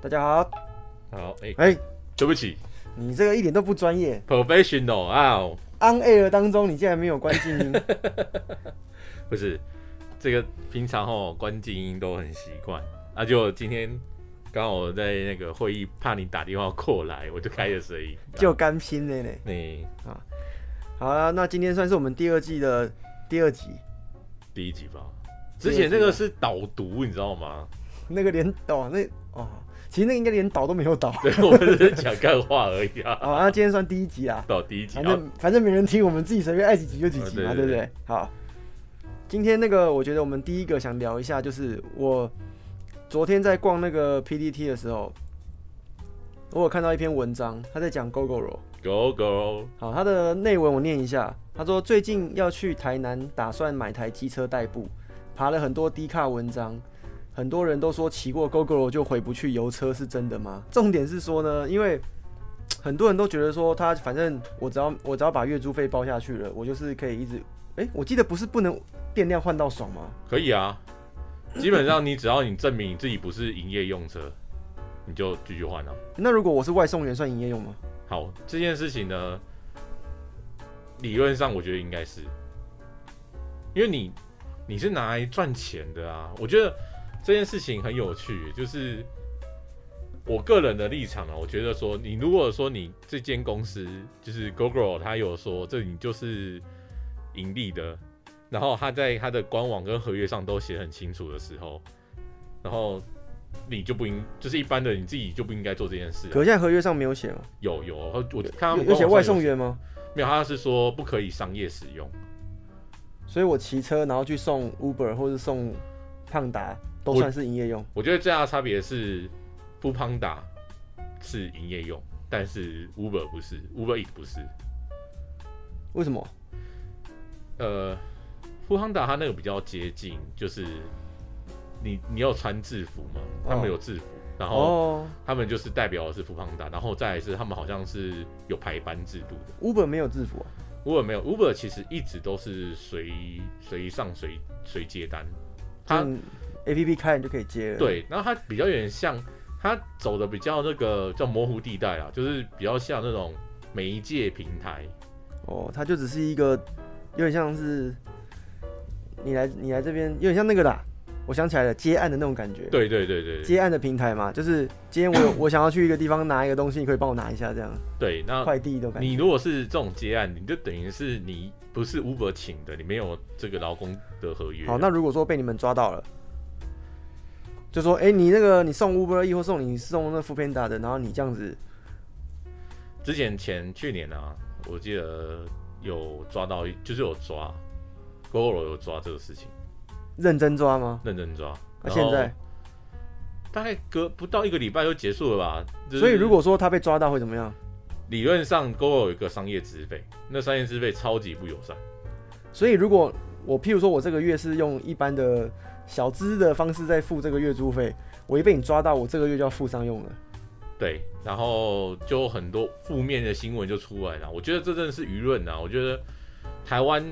大家好，好哎，欸欸、對不起，你這個一點都不專業，Professional 啊，on air 當中你竟然沒有關靜音， 不是，這個平常哦關靜音都很習慣，啊就今天剛好在那個會議怕你打電話過來，我就開着聲音，就干拼的呢。啊，了欸、好了，那今天算是我們第二季的第二集，第一集吧，之前那個是導讀，你知道嗎？ 那個連導那哦。那哦其實那應該連倒都沒有倒對，我們只是講幹話而已啊 好。那、啊、今天算第一集啊？倒第一集，反正反正沒人聽，我們自己隨便愛幾集就幾集嘛，啊、對不對,對,對,對,對？好，今天那個我覺得我們第一個想聊一下，就是我昨天在逛那個 PDT 的時候，我有看到一篇文章，他在講 Gogoro，Gogoro。好，他的內文我念一下，他說最近要去台南，打算買台機車代步，爬了很多低卡文章。很多人都說騎過 Gogoro 就回不去，油車是真的嗎？重點是說呢，因為很多人都覺得說，他反正我只要我只要把月租費包下去了，我就是可以一直哎、欸，我記得不是不能電量換到爽嗎？可以啊，基本上你只要你證明自己不是營業用車， 你就繼續換了。啊、那如果我是外送員，算營業用嗎？好，這件事情呢，理論上我覺得應該是，因為你你是拿來賺錢的啊，我覺得。這件事情很有趣，就是我個人的立場啊，我覺得說你如果說你這間公司就是 Gogoro，他有說這你就是盈利的，然後他在他的官網跟合約上都寫很清楚的時候，然後你就不應就是一般的你自己就不應該做這件事。可現在合約上沒有寫嗎？有有，我看有寫外送員嗎？沒有，他是說不可以商業使用，所以我騎車然後去送 Uber 或是送胖達。我算是營業用，我覺得最大的差別是，富胖達是營業用，但是 Uber 不是，Uber 也不是。不是。為什麼？呃，富胖達他那個比較接近，就是你你要穿制服嘛，oh. 他們有制服，然後他們就是代表的是富胖達，然後再來是他們好像是有排班制度的。Uber 沒有制服啊，Uber 啊沒有，Uber 其實一直都是隨隨上隨隨接單，他。嗯 A P P 開你就可以接了。對，然後它比較有點像，它走的比較那個叫模糊地帶啊，就是比較像那種媒介平台。哦，它就只是一個有點像是你來你來這邊，有點像那個啦。我想起來了，接案的那種感覺。對對對對，接案的平台嘛，就是今天我有 我想要去一個地方拿一個東西，你可以幫我拿一下這樣。對，那快遞的感覺。你如果是這種接案，你就等於是你不是 Uber 請的，你沒有這個勞工的合約。好，那如果說被你們抓到了？就說，哎、欸，你那個，你送 Uber 以後或送你送那 foodpanda 的，然後你這樣子，之前前去年啊，我記得有抓到，就是有抓 Google 有抓這個事情，認真抓嗎？認真抓。那、啊、現在大概隔不到一個禮拜就結束了吧？就是、所以如果說他被抓到會怎麼樣？理論上 Google 有一個商業資費，那商業資費超級不友善。所以如果我譬如說，我這個月是用一般的。小資的方式在付這個月租費，我一被你抓到，我這個月就要付商用了。對，然後就很多負面的新聞就出來了。我覺得這真的是輿論啊！我覺得台灣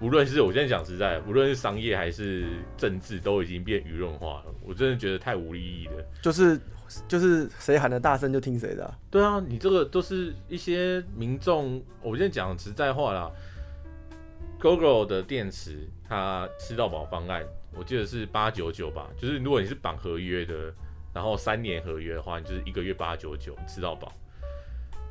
無論是我現在講實在，無論是商業還是政治，都已經變輿論化了。我真的覺得太無利益了。就是就是誰喊得大聲就聽誰的啊。對啊，你這個都是一些民眾。我現在講實在話啦，Gogoro 的電池它吃到飽方案，我記得是八九九吧，就是如果你是綁合約的，然後三年合約的話，你就是一個月八九九吃到飽。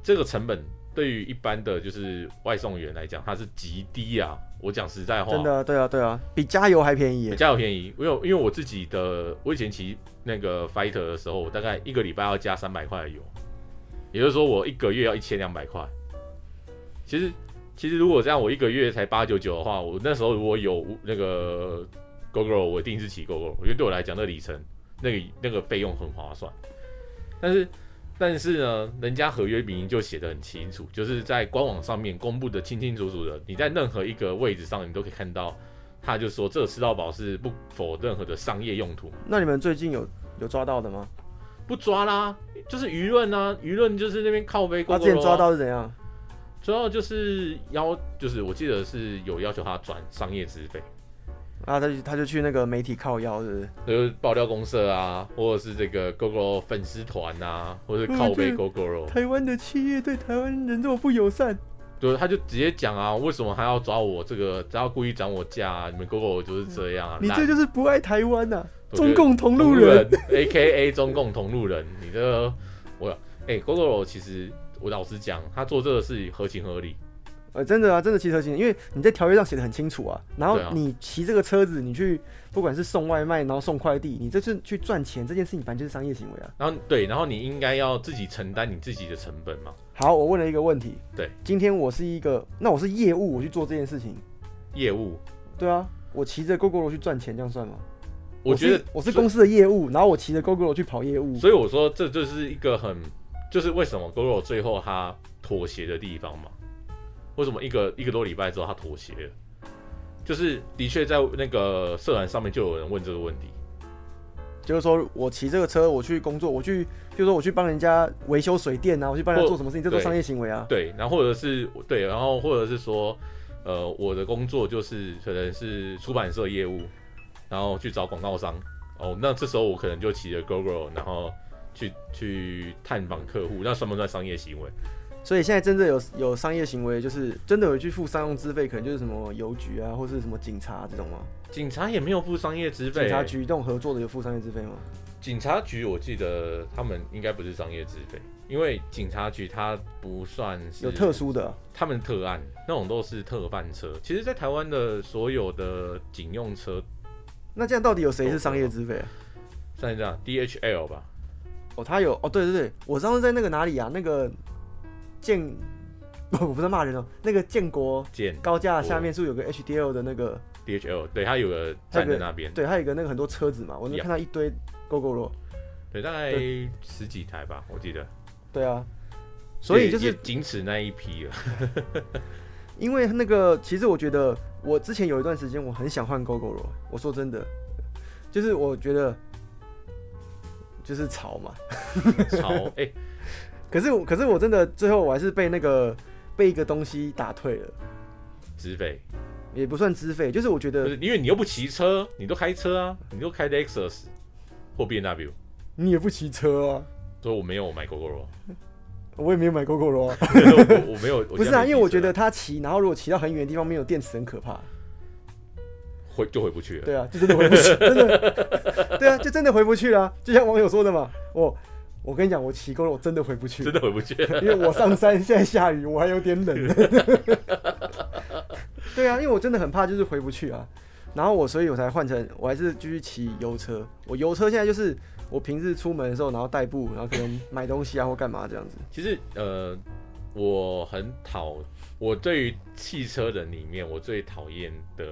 這個成本對於一般的就是外送員來講，它是極低啊。我講實在話，真的對啊對啊，比加油還便宜。比加油便宜，因為因為我自己的我以前騎那個 Fighter 的時候，我大概一個禮拜要加三百塊的油，也就是說我一個月要一千兩百塊。其實其實如果這樣，我一個月才八九九的話，我那時候如果有那個。Go Go，roll，我一定是起 Go Go。我覺得對我來講，那個、里程、那個、那個費用很划算。但是，但是呢，人家合約明就寫得很清楚，就是在官網上面公布的清清楚楚的。你在任何一個位置上，你都可以看到，他就說這個吃到飽是不否任何的商業用途。那你們最近有有抓到的嗎？不抓啦，就是輿論啊，輿論就是那邊靠背、go。我、啊、之前抓到是怎樣？主要就是要，就是我記得是有要求他轉商業資費。啊，他就他就去那個媒體靠腰，是不是？就是、爆料公社啊，或者是這個 Gogoro 粉絲團啊，或者是靠背 Gogoro。台灣的企業對台灣人這麼不友善，對，他就直接講啊，為什麼還要抓我這個？只要故意漲我價、啊？你們 Gogoro 就是這樣、啊？你這就是不愛台灣吶、啊，中共同路人，AKA 中共同路人。你這個我，我、欸、哎，Gogoro 其實我老實講，他做這個事情合情合理。呃、欸，真的啊，真的騎車行，因為你在條約上寫得很清楚啊。然後你騎這個車子，你去不管是送外賣，然後送快遞，你這是去賺錢這件事情，反正就是商業行為啊。然後對，然後你應該要自己承擔你自己的成本嘛。好，我問了一個問題。對，今天我是一個，那我是業務，我去做這件事情。業務。對啊，我騎着 Gogoro 去賺錢，這樣算嗎？我覺得我是，我是公司的業務，所以，然後我騎着 Gogoro 去跑業務。所以我說，這就是一個很，就是為什麼 Gogoro 最後他妥協的地方嘛。為什麼一個一個多禮拜之後他妥協了？就是的確在那個社團上面就有人問這個問題，就是說我騎這個車我去工作，我去譬如說我去幫人家維修水電啊，我去幫人家做什麼事情，這都商業行為啊。對，然後或者是對，然後或者是說，呃，我的工作就是可能是出版社業務，然後去找廣告商哦，那這時候我可能就騎着 Gogoro 然後去去探訪客戶，那算不算商業行為？所以現在真正，正有有商業行為，就是真的有去付商用資費，可能就是什麼郵局啊，或是什麼警察這種嗎？警察也沒有付商業資費。警察局這種合作的有付商業資費嗎？警察局我記得他們應該不是商業資費，因為警察局它不算。有特殊的？他們特案那種都是特辦車。其實，在台灣的所有的警用車，那這樣到底有誰是商業資費啊？像這樣 DHL 吧？哦，他有哦，對對對，我上次在那個哪裡啊？那個。建，我不是罵人哦。那個建國建高架下面是不是有個 H D L 的那個 D H L？對，它有個站在那邊，對，它有個那個很多車子嘛，我能看到一堆 Gogoro，對，大概對十幾台吧，我記得。對啊，所以就是僅此那一批了。 因為那個，其實我覺得，我之前有一段時間，我很想換 Gogoro，我說真的，就是我覺得，就是潮嘛， 潮哎。欸可是，可是我真的最後我還是被那個被一個東西打退了。資費費也不算資費，就是我覺得，因為你又不騎車，你都開車啊，你都開的 x e s 或 B N W，你也不騎車啊，所以我沒有買 Go Go o 我也沒有買 Go Go 羅，我我沒有，沒不是啊，因為我覺得他騎，然後如果騎到很遠的地方沒有電池，很可怕，回就回不去了。對啊，就真的回不去了。真的 對啊，就真的回不去了。就像網友說的嘛，我、哦。我跟你講，我騎夠了，我真的回不去，真的回不去， 因為我上山現在下雨，我還有點冷。 對啊，因為我真的很怕就是回不去啊。然後我所以我才換成我還是繼續騎油車，我油車現在就是我平日出門的時候，然後代步，然後可能買東西啊 或幹嘛這樣子。其實呃，我很討我對於汽車人裡面我最討厭的，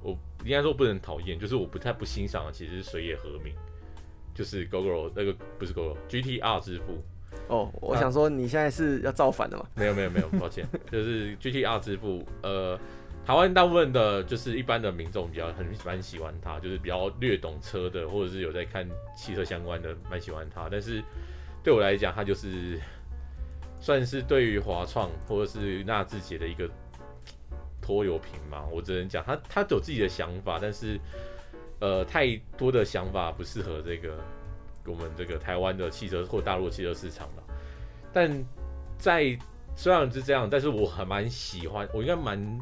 我應該說不能討厭，就是我不太不欣賞，其實水野和敏就是 Gogoro、呃、那個不是 Gogoro GTR 之父。哦、oh, 啊，我想說你現在是要造反的嗎？沒有沒有沒有，抱歉，就是 GTR 之父。 呃，台灣大部分的，就是一般的民眾比較很蠻喜歡他，就是比較略懂車的，或者是有在看汽車相關的，蠻喜歡他。但是對我來講，他就是算是對於華創或者是納智捷的一個拖油瓶嘛，我只能講他他有自己的想法，但是。呃，太多的想法不適合這個我們這個台灣的汽車或大陸汽車市場了。但在雖然是這樣，但是我還蠻喜歡，我應該蠻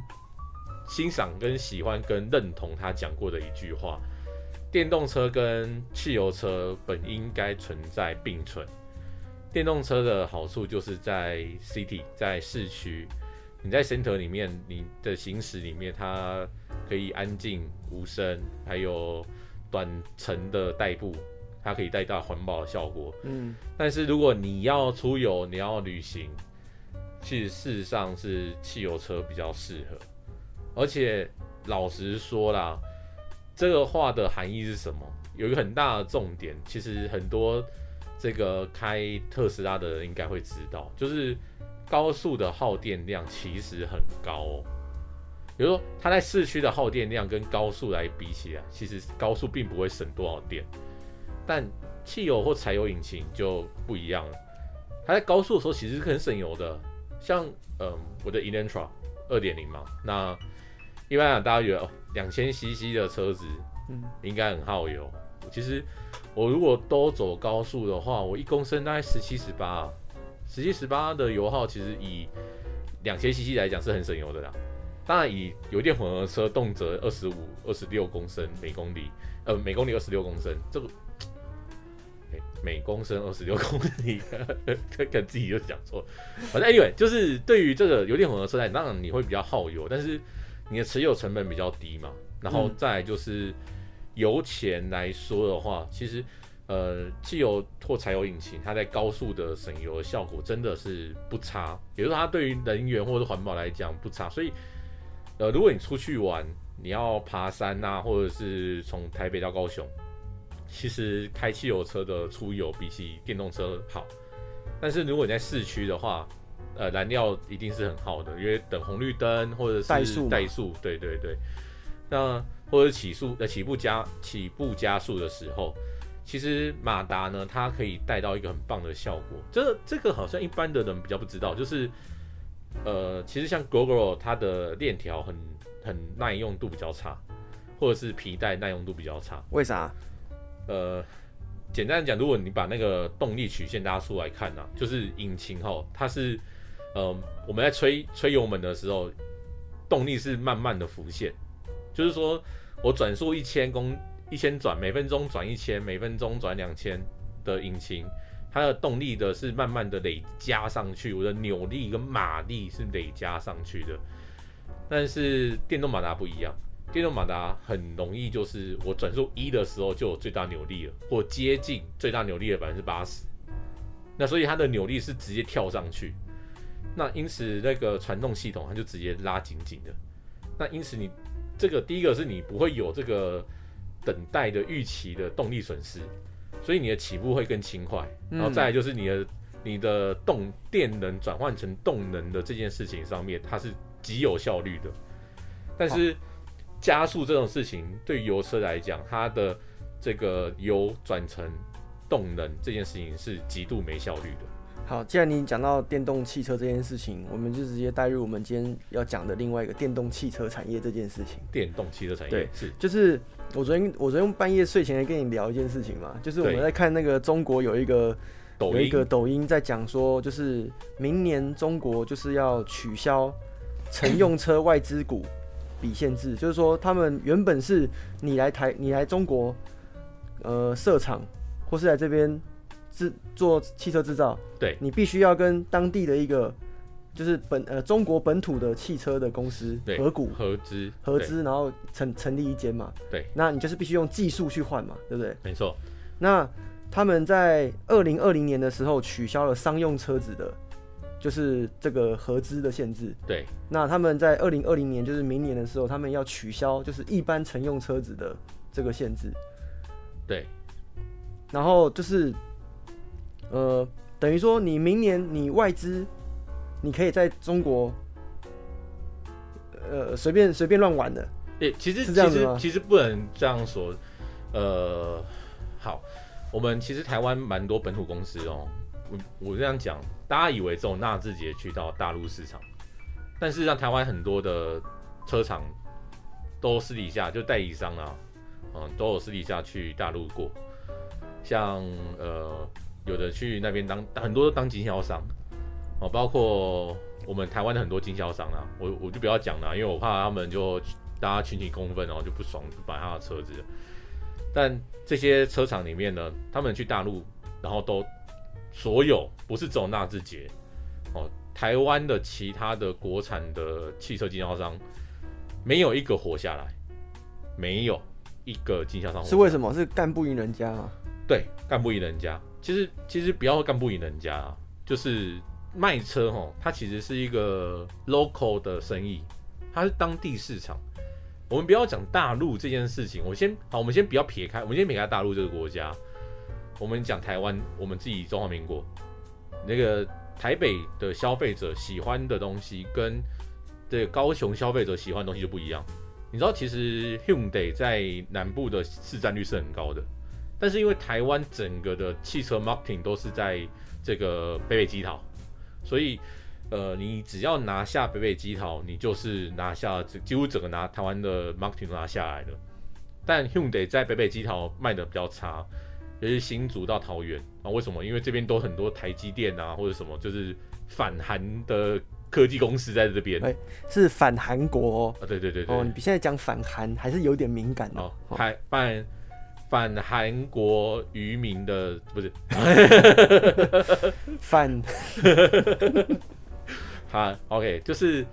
欣賞跟喜歡跟認同他講過的一句話：電動車跟汽油車本應該存在並存。電動車的好處就是在 city 在市區，你在 center 裡面，你的行駛裡面它。可以安靜無聲，還有短程的代步，它可以帶到環保的效果。嗯，但是如果你要出遊，你要旅行，其實事實上是汽油車比較適合。而且老實說啦，這個話的含義是什麼？有一個很大的重點，其實很多這個開特斯拉的人應該會知道，就是高速的耗電量其實很高哦。比如說，它在市區的耗電量跟高速來比起來，其實高速並不會省多少電。但汽油或柴油引擎就不一樣了，它在高速的時候其實是很省油的。像嗯、呃，我的 Elantra 二點零嘛，那一般啊，大家覺得哦兩千 cc 的車子，嗯，應該很耗油。其實我如果都走高速的話，我一公升大概十七十八，十七十八的油耗其實以兩千 cc 來講是很省油的啦。當然，以油電混合車動輒二十五、二十六公升每公里，呃，每公里二十六公升，這個、欸、每公升二十六公里，呵呵，自己又講錯了。反正 anyway，就是對於這個油電混合車來，當然你會比較耗油，但是你的持有成本比較低嘛。然後再來就是油錢來說的話，嗯、其實呃，汽油或柴油引擎它在高速的省油的效果真的是不差，也就是它對於能源或者是環保來講不差，所以。呃，如果你出去玩，你要爬山啊，或者是從台北到高雄，其實開汽油車的出遊比起電動車好。但是如果你在市區的話，呃，燃料一定是很耗的，因為等紅綠燈或者是怠速，怠速，對對對。那或者起速，呃，起步加起步加速的時候，其實馬達呢，它可以帶到一個很棒的效果。這這個好像一般的人比較不知道，就是。呃，其實像 Gogoro 它的鏈條很很耐用度比較差，或者是皮帶耐用度比較差。為啥？呃，簡單的講，如果你把那個動力曲線拉出來看呢、啊，就是引擎哈，它是呃我們在吹吹油門的時候，動力是慢慢的浮現，就是說我轉速一千公一千轉每分鐘轉一千每分鐘轉兩千的引擎。它的動力的是慢慢的累加上去，我的扭力跟馬力是累加上去的，但是電動馬達不一樣，電動馬達很容易就是我轉速一的時候就有最大扭力了，或接近最大扭力的百分之八十，那所以它的扭力是直接跳上去，那因此那個傳動系統它就直接拉緊緊的，那因此你這個第一個是你不會有這個等待的預期的動力損失。所以你的起步會更輕快，嗯、然後再來就是你的你的動電能轉換成動能的這件事情上面，它是極有效率的。但是加速這種事情、哦、對油車來講，它的這個油轉成動能這件事情是極度沒效率的。好，既然你講到電動汽車這件事情，我們就直接帶入我們今天要講的另外一個電動汽車產業這件事情。電動汽車產業對是就是。我昨天我昨天半夜睡前來跟你聊一件事情嘛，就是我們在看那個中國有一個有一個抖音在講說，就是明年中國就是要取消乘用車外資股比限制，對就是說他們原本是你來台你來中國，呃設廠或是在這邊制做汽車製造，對你必須要跟當地的一個。就是本呃中國本土的汽車的公司對合股資合資合資，對然後成成立一間嘛，對，那你就是必須用技術去換嘛，對不對？沒錯錯。那他們在二零二零年的時候取消了商用車子的，就是這個合資的限制。對。那他們在二零二零年，就是明年的時候，他們要取消就是一般乘用車子的這個限制。對。然後就是，呃，等於說你明年你外資。你可以在中國，呃，隨便隨便亂玩的。誒、欸，其實其實其實不能這樣說。呃，好，我們其實台灣蠻多本土公司哦。我我這樣講，大家以為這種納智捷去到大陸市場，但是像台灣很多的車廠都私底下就代理商啊，嗯、呃，都有私底下去大陸過。像呃，有的去那邊當很多都當經銷商。哦，包括我們台灣的很多經銷商啊，我我就不要講了，因為我怕他們就大家群體公憤，然後就不爽，就把他的車子。但這些車廠裡面呢，他們去大陸，然後都所有不是走納智捷，哦、喔，台灣的其他的國產的汽車經銷商沒有一個活下來，沒有一個經銷商活下來。是為什麼？是幹不贏人家啊？對，幹不贏人家。其實其實不要幹不贏人家，啊，就是。賣車哈、哦，它其實是一個 local 的生意，它是當地市場。我們不要講大陸這件事情，我先好，我們先不要撇開，我們先撇開大陸這個國家，我們講台灣，我們自己中華民國，那個台北的消費者喜歡的東西，跟這個高雄消費者喜歡的東西就不一樣。你知道，其實 Hyundai 在南部的市占率是很高的，但是因為台灣整個的汽車 marketing 都是在這個北北基桃。所以，呃，你只要拿下北北基桃，你就是拿下這幾乎整個拿台灣的 marketing 都拿下來了。但 Hyundai 在北北基桃賣的比較差，也是新竹到桃園啊，為什麼？因為這邊都很多台積電啊，或者什麼，就是反韓的科技公司在這邊。哎，是反韓國、哦、啊？對對對對。哦，你比現在講反韓還是有點敏感的。哦，還辦、哦。反韓國漁民的不是反。好，OK，就是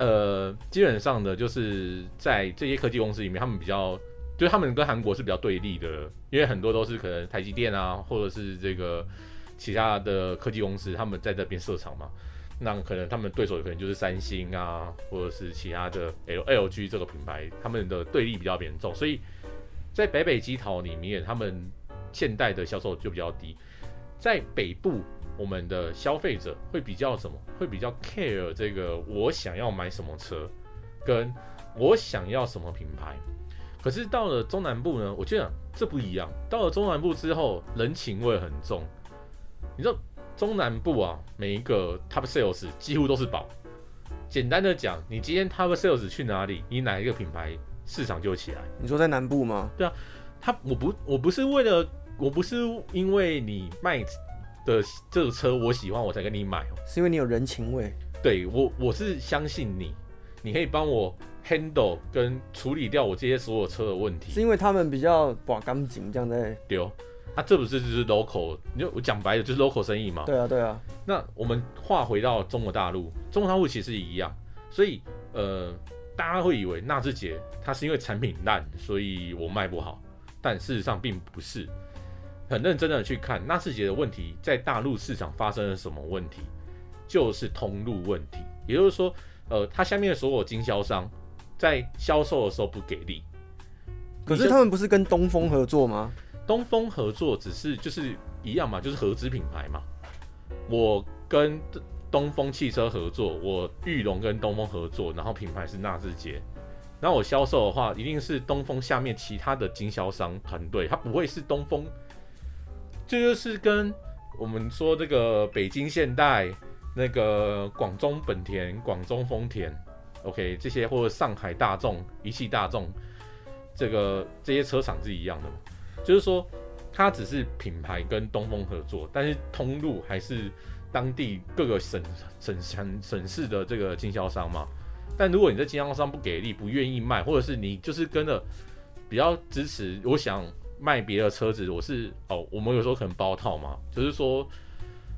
呃，基本上的就是在這些科技公司裡面，他們比較就他們跟韓國是比較對立的，因為很多都是可能台積電啊，或者是這個其他的科技公司，他們在這邊設廠嘛，那可能他們對手有可能就是三星啊，或者是其他的 L LG 這個品牌，他們的對立比較嚴重，所以。在北北基桃裡面，他們現代的銷售就比較低。在北部，我們的消費者會比較什麼？會比較 care 這個我想要買什麼車，跟我想要什麼品牌。可是到了中南部呢，我就想這不一樣。到了中南部之後，人情味很重。你知道中南部啊，每一個 top sales 幾乎都是寶。簡單的講，你今天 top sales 去哪裡？你哪一個品牌？市場就起來。你說在南部嗎？對啊，他我不我不是為了我不是因為你賣的這個車我喜歡我才跟你買，是因為你有人情味。對，我我是相信你，你可以幫我 handle 跟處理掉我這些所有車的問題。是因為他們比較把乾淨這樣在丟、欸。對哦。啊，這不是就是 local，你就我講白了就是 local 生意嘛。對啊，對啊，對啊。那我們話回到中國大陸，中國大陸其實一樣，所以呃。大家會以為納智捷它是因為產品爛，所以我賣不好，但事實上並不是。很認真的去看納智捷的問題，在大陸市場發生了什麼問題，就是通路問題，也就是說，呃，它下面的所有經銷商在銷售的時候不給力。可是他們不是跟東風合作嗎？嗯，東風合作只是就是一樣嘛，就是合資品牌嘛。我跟。東風汽車合作，我裕隆跟東風合作，然後品牌是納智捷。那我銷售的話，一定是東風下面其他的經銷商團隊，它不會是東風。這就，就是跟我們說這個北京現代、那個廣州本田、廣州豐田，OK 這些或者上海大眾、一汽大眾，這個這些車廠是一樣的嘛。就是說，它只是品牌跟東風合作，但是通路還是。當地各個省、省、省、省市的這個經銷商嘛，但如果你這經銷商不給力，不願意賣，或者是你就是跟着比較支持，我想賣別的車子，我是哦，我們有時候可能包套嘛，就是說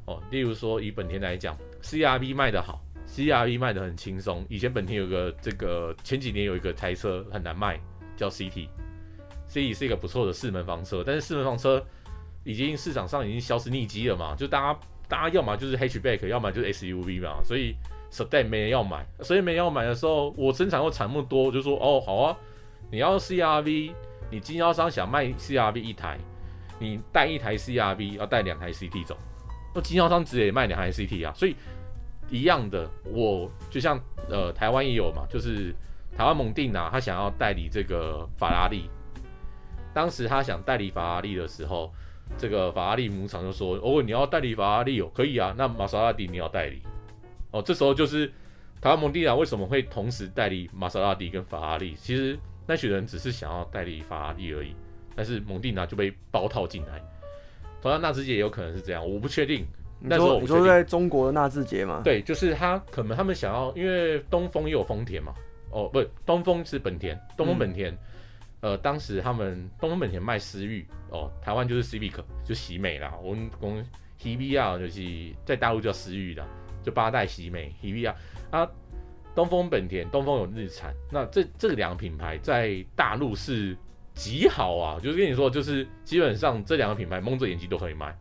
哦，例如說以本田來講，CRV 賣得好，CRV 賣得很輕鬆。以前本田有個這個前幾年有一個台車很難賣，叫 City，City 是一個不錯的四門房車，但是四門房車已經市場上已經銷聲匿跡了嘛，就大家。大家要麼就是 Hatchback 要麼就是 SUV 嘛，所以 Sedan 沒人要買，所以沒人要買的時候，我生產我產物多，多，我就說哦好啊，你要 CRV，你經銷商想賣 CRV 一台，你帶一台 CRV 要帶兩台 CT 走，那經銷商只得賣兩台 CT 啊，所以一樣的，我就像呃台灣也有嘛，就是台灣蒙地拿，他想要代理這個法拉利，當時他想代理法拉利的時候。這個法拉利母廠就說：“哦，你要代理法拉利哦，可以啊。那瑪莎拉蒂你要代理哦。”這時候就是，台灣蒙迪納為什麼會同時代理瑪莎拉蒂跟法拉利？其實那群人只是想要代理法拉利而已，但是蒙迪納就被包套進來。同樣，納智捷也有可能是這樣，我不確定。但是我不確定你說，你說在中國的納智捷嘛？對，就是他可能他們想要，因為東風也有豐田嘛？哦，不，東風是本田，東風本田。嗯呃，當時他們東風本田賣思域哦，台灣就是 Civic 就喜美啦，我們公 HB R 就是在大陸叫思域的，就八代喜美 HB R 啊。東風本田，東風有日產，那這這兩個品牌在大陸是極好啊，就是跟你說，就是基本上這兩個品牌蒙着眼睛都可以賣。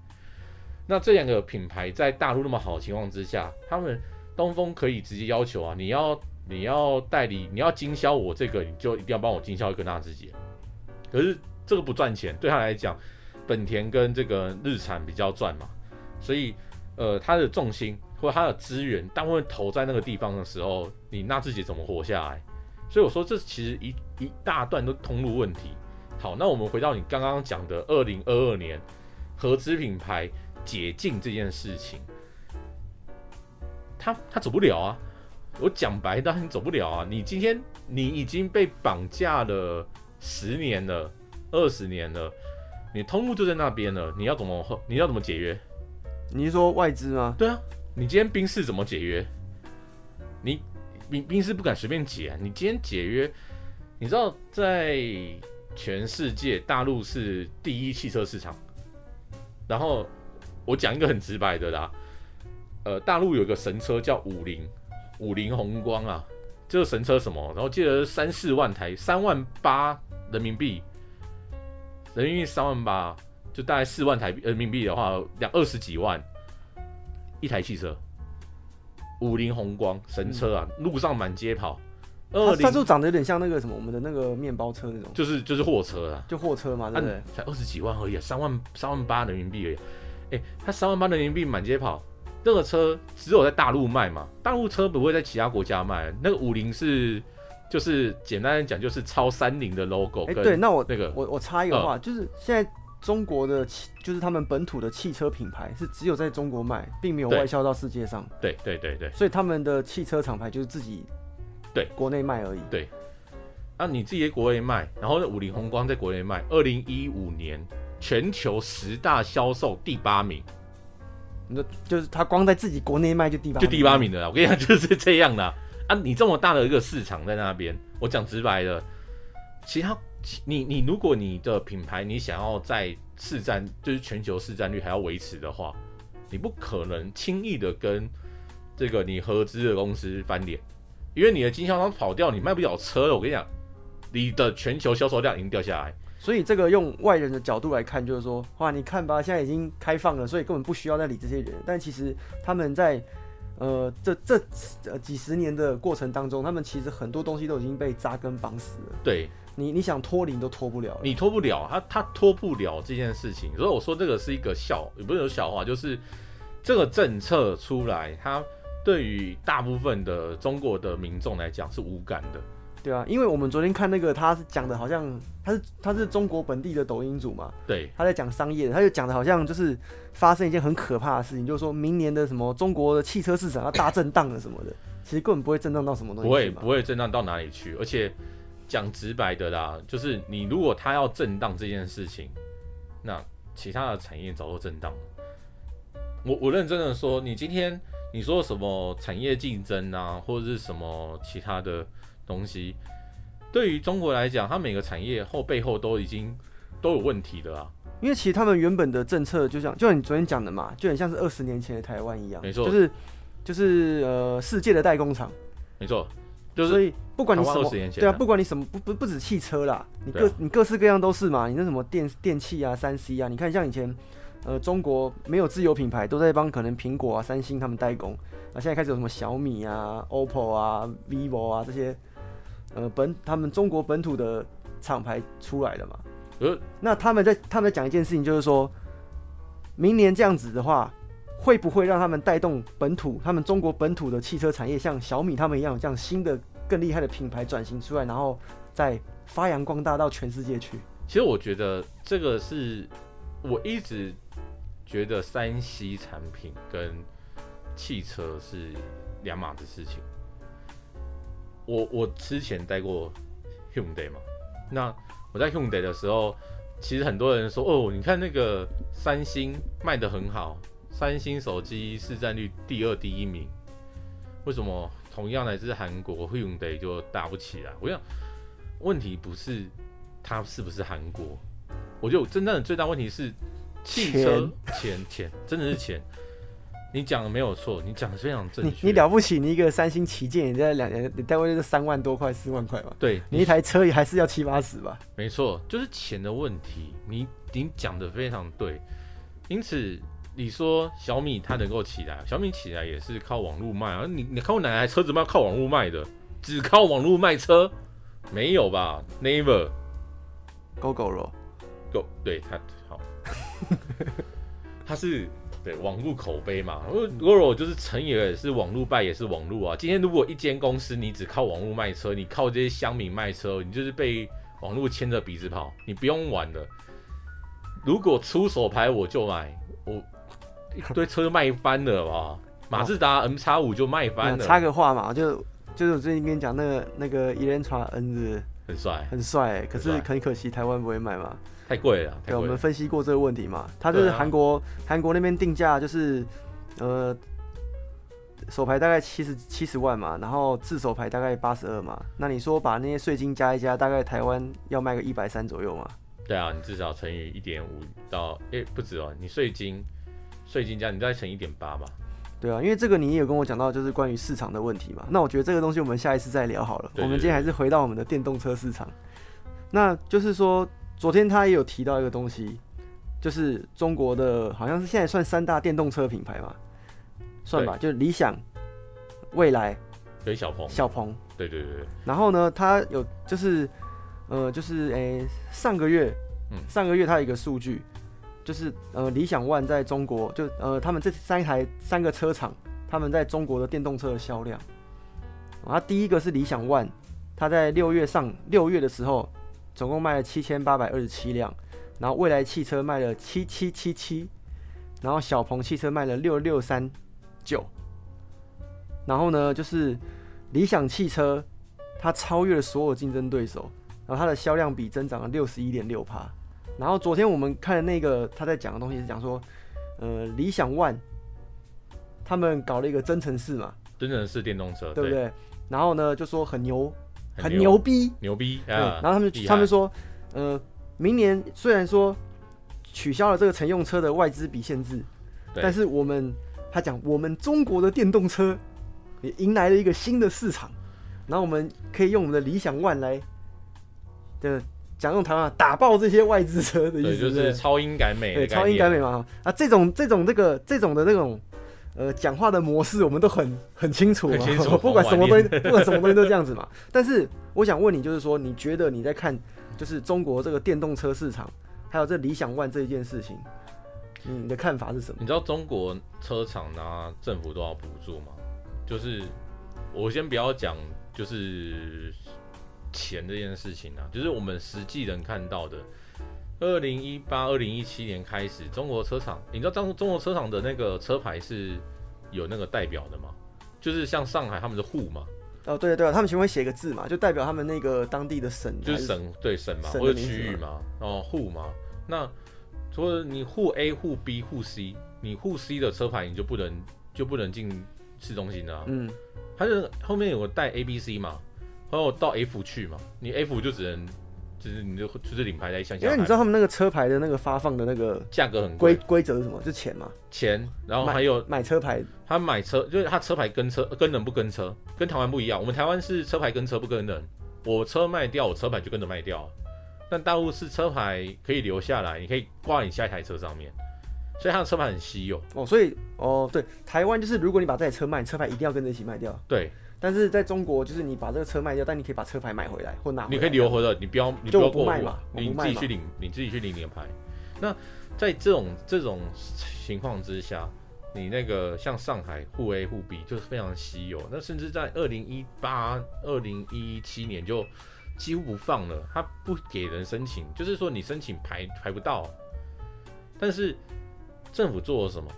那這兩個品牌在大陸那麼好的情況之下，他們東風可以直接要求啊，你要。你要代理，你要經銷我這個，你就一定要幫我經銷一個納智捷。可是這個不賺錢，對他來講，本田跟這個日產比較賺嘛，所以呃，他的重心或者他的資源大部分投在那個地方的時候，你納智捷怎麼活下來？所以我說這其實一一大段都通路問題。好，那我們回到你剛剛講的二零二二年合資品牌解禁這件事情，他他走不了啊。我講白、啊，當然走不了啊！你今天你已經被綁架了十年了，二十年了，你通路就在那邊了，你要怎麼你要怎麼解約？你是說外資嗎？對啊，你今天冰士怎麼解約？你兵兵士不敢隨便解、啊。你今天解約，你知道在全世界大陸是第一汽車市場。然後我講一個很直白的啦，呃，大陸有個神車叫五菱。五菱宏光啊，這個神車什麼？然後記得三四萬台，三萬八人民幣，人民幣三萬八，就大概四萬台人民幣的話，兩二十幾萬一台汽車。五菱宏光神車啊，嗯、路上滿街跑。二它就長得有點像那個什麼，我們的那個麵包車那種，就是就是貨車了、啊，就貨車嘛，對不對？才二十幾萬而已、啊，三萬三萬八人民幣而已，誒，它三萬八人民幣滿街跑。這個車只有在大陸賣嘛？大陸車不會在其他國家賣。那個五菱是，就是簡單的講，就是超三菱的 logo。欸、對，那我、那個，我我插一個話，呃、就是現在中國的汽，就是他們本土的汽車品牌是只有在中國賣，並沒有外銷到世界上。對對對對。所以他們的汽車廠牌就是自己對國內賣而已。對，對。啊，你自己在國內賣，然後五菱宏光在國內賣，二零一五年全球十大銷售第八名。就，就是他光在自己國內賣就第八名，就第八名了。我跟你講，就是這樣的啊！你這麼大的一個市場在那邊，我講直白的，其他你你如果你的品牌你想要在市占，就是全球市占率還要維持的話，你不可能輕易的跟這個你合資的公司翻臉，因為你的經銷商跑掉，你賣不了車了。我跟你講，你的全球銷售量已經掉下來。所以這個用外人的角度來看，就是說，哇，你看吧，現在已經開放了，所以根本不需要再理這些人。但其實他們在，呃，這這呃幾十年的過程當中，他們其實很多東西都已經被紮根綁死了。對你，你想脫離都脫不了，了，你脫不了，他他脫不了這件事情。所以我說這個是一個小，也不是笑話，就是這個政策出來，它對於大部分的中國的民眾來講是無感的。對啊，因為我們昨天看那個，他是講的，好像他是他是中國本地的抖音主嘛。對，他在講商業，他就講的，好像就是發生一件很可怕的事情，就是說明年的什麼中國的汽車市場要大震盪了什麼的。其實根本不會震盪到什麼東西，不會不會震盪到哪裡去。而且講直白的啦，就是你如果他要震盪這件事情，那其他的產業早就震盪了。我我認真的說，你今天你說什麼產業競爭啊，或者是什麼其他的。東西對於中國來講，它每個產業後背後都已經都有問題的啦。因為其實他們原本的政策就像，就像你昨天講的嘛，就很像是二十年前的台灣一樣，沒錯，就是，就是就是呃世界的代工廠，沒錯，就是。所以不管你什麼，年前對啊，不管你什麼，不不不止汽車啦，你各、啊、你各式各樣都是嘛。你那什麼電電器啊、三 C 啊，你看像以前呃中國沒有自有品牌，都在幫可能蘋果啊、三星他們代工，那現在開始有什麼小米啊、OPPO 啊、vivo 啊這些。呃，本他們中國本土的廠牌出來的嘛，呃、那他們在他們講一件事情，就是說明年這樣子的話，會不會讓他們帶動本土，他們中國本土的汽車產業，像小米他們一樣，有這樣新的更厲害的品牌轉型出來，然後再發揚光大到全世界去？其實我覺得這個是我一直覺得三 C 產品跟汽車是兩碼子事情。我我之前待過 Hyundai 嘛，那我在 Hyundai 的時候，其實很多人說，哦，你看那個三星賣得很好，三星手機市占率第二第一名，為什麼？同樣來自韓國 Hyundai 就打不起來？我想問題不是它是不是韓國，我就真正的最大問題是汽車錢錢，錢真的是錢。你講的沒有錯，你講的非常正確。你了不起，你一個三星旗艦，你在兩年，你大概就是三萬多塊、四萬塊吧。對，你，你一台車也還是要七八十吧。沒錯，就是錢的問題。你你講的非常對，因此你說小米它能夠起來，小米起來也是靠網絡賣啊。你你看我哪台車子賣靠網絡賣的？只靠網絡賣車沒有吧？never go go go 對它好， 它是。對網路口碑嘛，如果我就是成也是網路，敗也是網路啊。今天如果一間公司你只靠網絡賣車，你靠這些鄉民賣車，你就是被網絡牽着鼻子跑，你不用玩了。如果出手牌我就買，我一堆車賣翻了吧？馬自達 M X 五就賣翻了。插、啊、個話嘛，就就是我最近跟你講那個那個 ELANTRA N Z，很帥帥，很帥，欸，很帥可是很可惜台灣不會買嘛。太貴了，了對，我們分析過這個問題嘛，它就是韓國韓國、啊、韓國那邊定價就是，呃，手排大概七十七十萬嘛，然後自排大概八十二嘛，那你說把那些稅金加一加，大概台灣要賣個一百三左右嘛？對啊，你至少乘以一點五到，哎、欸，不止哦，你稅金稅金加，你再乘一點八嘛？對啊，因為這個你也有跟我講到，就是關於市場的問題嘛，那我覺得這個東西我們下一次再聊好了，對對對對，我們今天還是回到我們的電動車市場，那就是說。昨天他也有提到一個東西，就是中國的好像是現在算三大電動車品牌嘛，算吧，對 就是理想、蔚來、小鵬彭。小鵬，對對對、對。然後呢，他有就是呃，就是誒、欸，上個月，嗯，上個月他有一個數據，嗯、就是呃，理想 ONE 在中國就呃，他們這三台三個車廠，他們在中國的電動車的銷量，啊、呃，第一個是理想 ONE，他在六月上六月的時候。總共賣了七千八百二十七輛，然後蔚來汽車賣了七七七七，然後小鵬汽車賣了六六三九，然後呢，就是理想汽車它超越了所有競爭對手，然後它的銷量比增長了六十一點六趴。然後昨天我們看的那個他在講的東西是講說，呃，理想 ONE 他們搞了一個增程式嘛，增程式電動車對，對不對？然後呢，就說很牛。很牛，很牛逼，牛逼，啊，然後他們害他們說，呃，明年雖然說取消了這個乘用車的外資比限制，對但是我們他講我們中國的電動車也迎來了一個新的市場，然後我們可以用我們的理想 ONE 來，對，講用台灣打爆這些外資車的意思是是，就是超英趕美，對，超英趕美嘛，啊，這種這種這個這種的那種。呃，講話的模式我們都很很清，很清楚， 不管什麼東西， 不管什麼東西都這樣子嘛。 但是我想問你，就是說，你覺得你在看，就是中國這個電動車市場，還有這理想 ONE 這一件事情，嗯，你的看法是什麼？你知道中國車廠拿、啊、政府多少補助嗎？就是我先不要講，就是錢這件事情啊，就是我們實際能看到的。二零一八、二零一七年開始，中國車廠，你知道中中國車廠的那個車牌是有那個代表的嗎？就是像上海他們的滬嘛。哦、對、啊、對、啊、他們前面寫個字嘛，就代表他們那個當地的省的，就是省對省嘛，省嘛或者區域嘛，哦滬嘛。那除了你滬 A、滬 B、滬 C，你滬 C 的車牌你就不能就不能進市中心了、啊。嗯，它是後面有個帶 A、B、C 嘛，然後到 F 去嘛，你 F 就只能。就是你就就是領牌在鄉下，因為你知道他們那個車牌的那個發放的那個價格很貴。規規則是什麼？就錢嘛，錢。然後還有買，買車牌，他買車就是他車牌跟車跟人不跟車，跟台灣不一樣。我們台灣是車牌跟車不跟人，我車賣掉，我車牌就跟着賣掉。但大陸是車牌可以留下來，你可以掛你下一台車上面，所以他的車牌很稀有。哦，所以哦對，台灣就是如果你把這台車賣，車牌一定要跟着一起賣掉。對。但是在中國，就是你把這個車賣掉，但你可以把車牌買回來或拿回來，你可以留回來，你不要，你不，要不賣嘛，你不賣你自己去領，你自己去領你的牌。那在這種這種情況之下，你那個像上海滬 A 滬 B 就是非常稀有。那甚至在二零一八、二零一七年就幾乎不放了，他不給人申請，就是說你申請牌排不到啊。但是政府做了什麼？